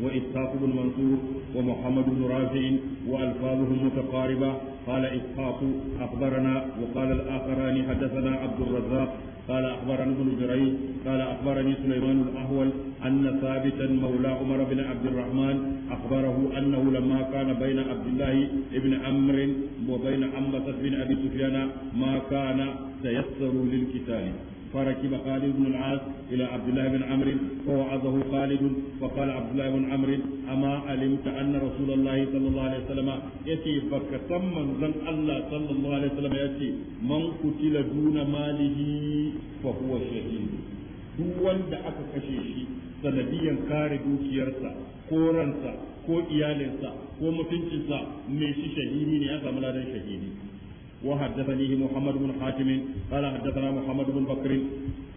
وإسحاق بن منصور ومحمد بن رافع وألفاظهم متقاربة قال إسحاق أخبرنا وقال الآخران حدثنا عبد الرزاق قال أخبرنا ابن جريج قال أخبرني سليمان الأهول أن ثابتا مولى عمر بن عبد الرحمن أخبره أنه لما كان بين عبد الله بن عمرو وبين عمة بن أبي سفيان ما كان سيسر للقتال فركب خالد بن العاص إلى عبد الله بن عمرو فوعظه خالد وقال عبد الله بن عمرو أما علمت أن رسول الله صلى الله عليه وسلم يتي فكتم من ذن الله صلى الله عليه وسلم يتي من قتل دون ماله فهو شهيد duk wanda aka kashe shi sanadiyan kare dukiyarsa ko ransa ko iyalinsa ko mutuncinsa mai shi shahidi ne ya samu ladan shahidi وحدثنيه محمد بن حاتم قال حدثنا محمد بن بكر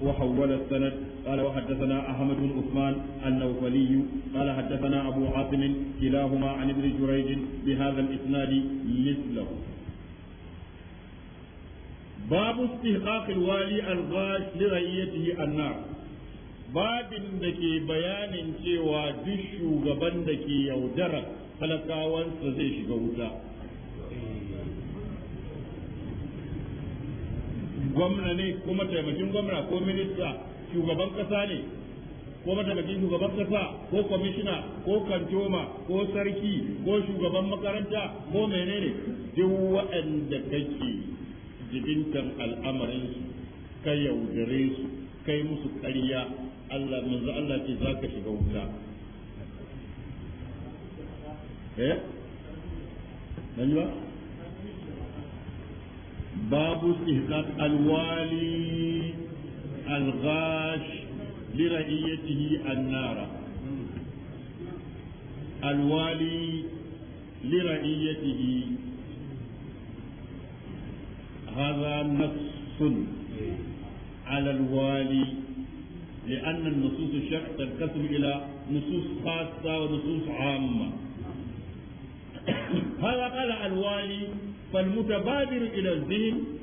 وحول السند قال وحدثنا احمد بن عثمان النوفلي قال حدثنا ابو عاصم كلاهما عن ابن جريج بهذا الاسناد مثله باب استحقاق الوالي الغاش لرعيته النار babin da ke bayanin cewa duk shugaban da ke yaudara talakawansa zai shiga wuta gwamna ne ko mataimakin gwamna ko minista shugaban kasa ne ko mataimakin shugaban kasa ko kwamishina ko kantoma ko sarki ko shugaban makaranta ko menene duk waɗanda kake jibintan al'amarin su ka yaudare su kai musu ƙarya Allah manzo Allah ce za ka shiga wuta eh باب استهداف الوالي الغاش لرعيته النار الوالي لرعيته هذا نص على الوالي لأن النصوص الشرع تنقسم إلى نصوص خاصة ونصوص عامة هذا قال الوالي فالمتبادر إلى الذهن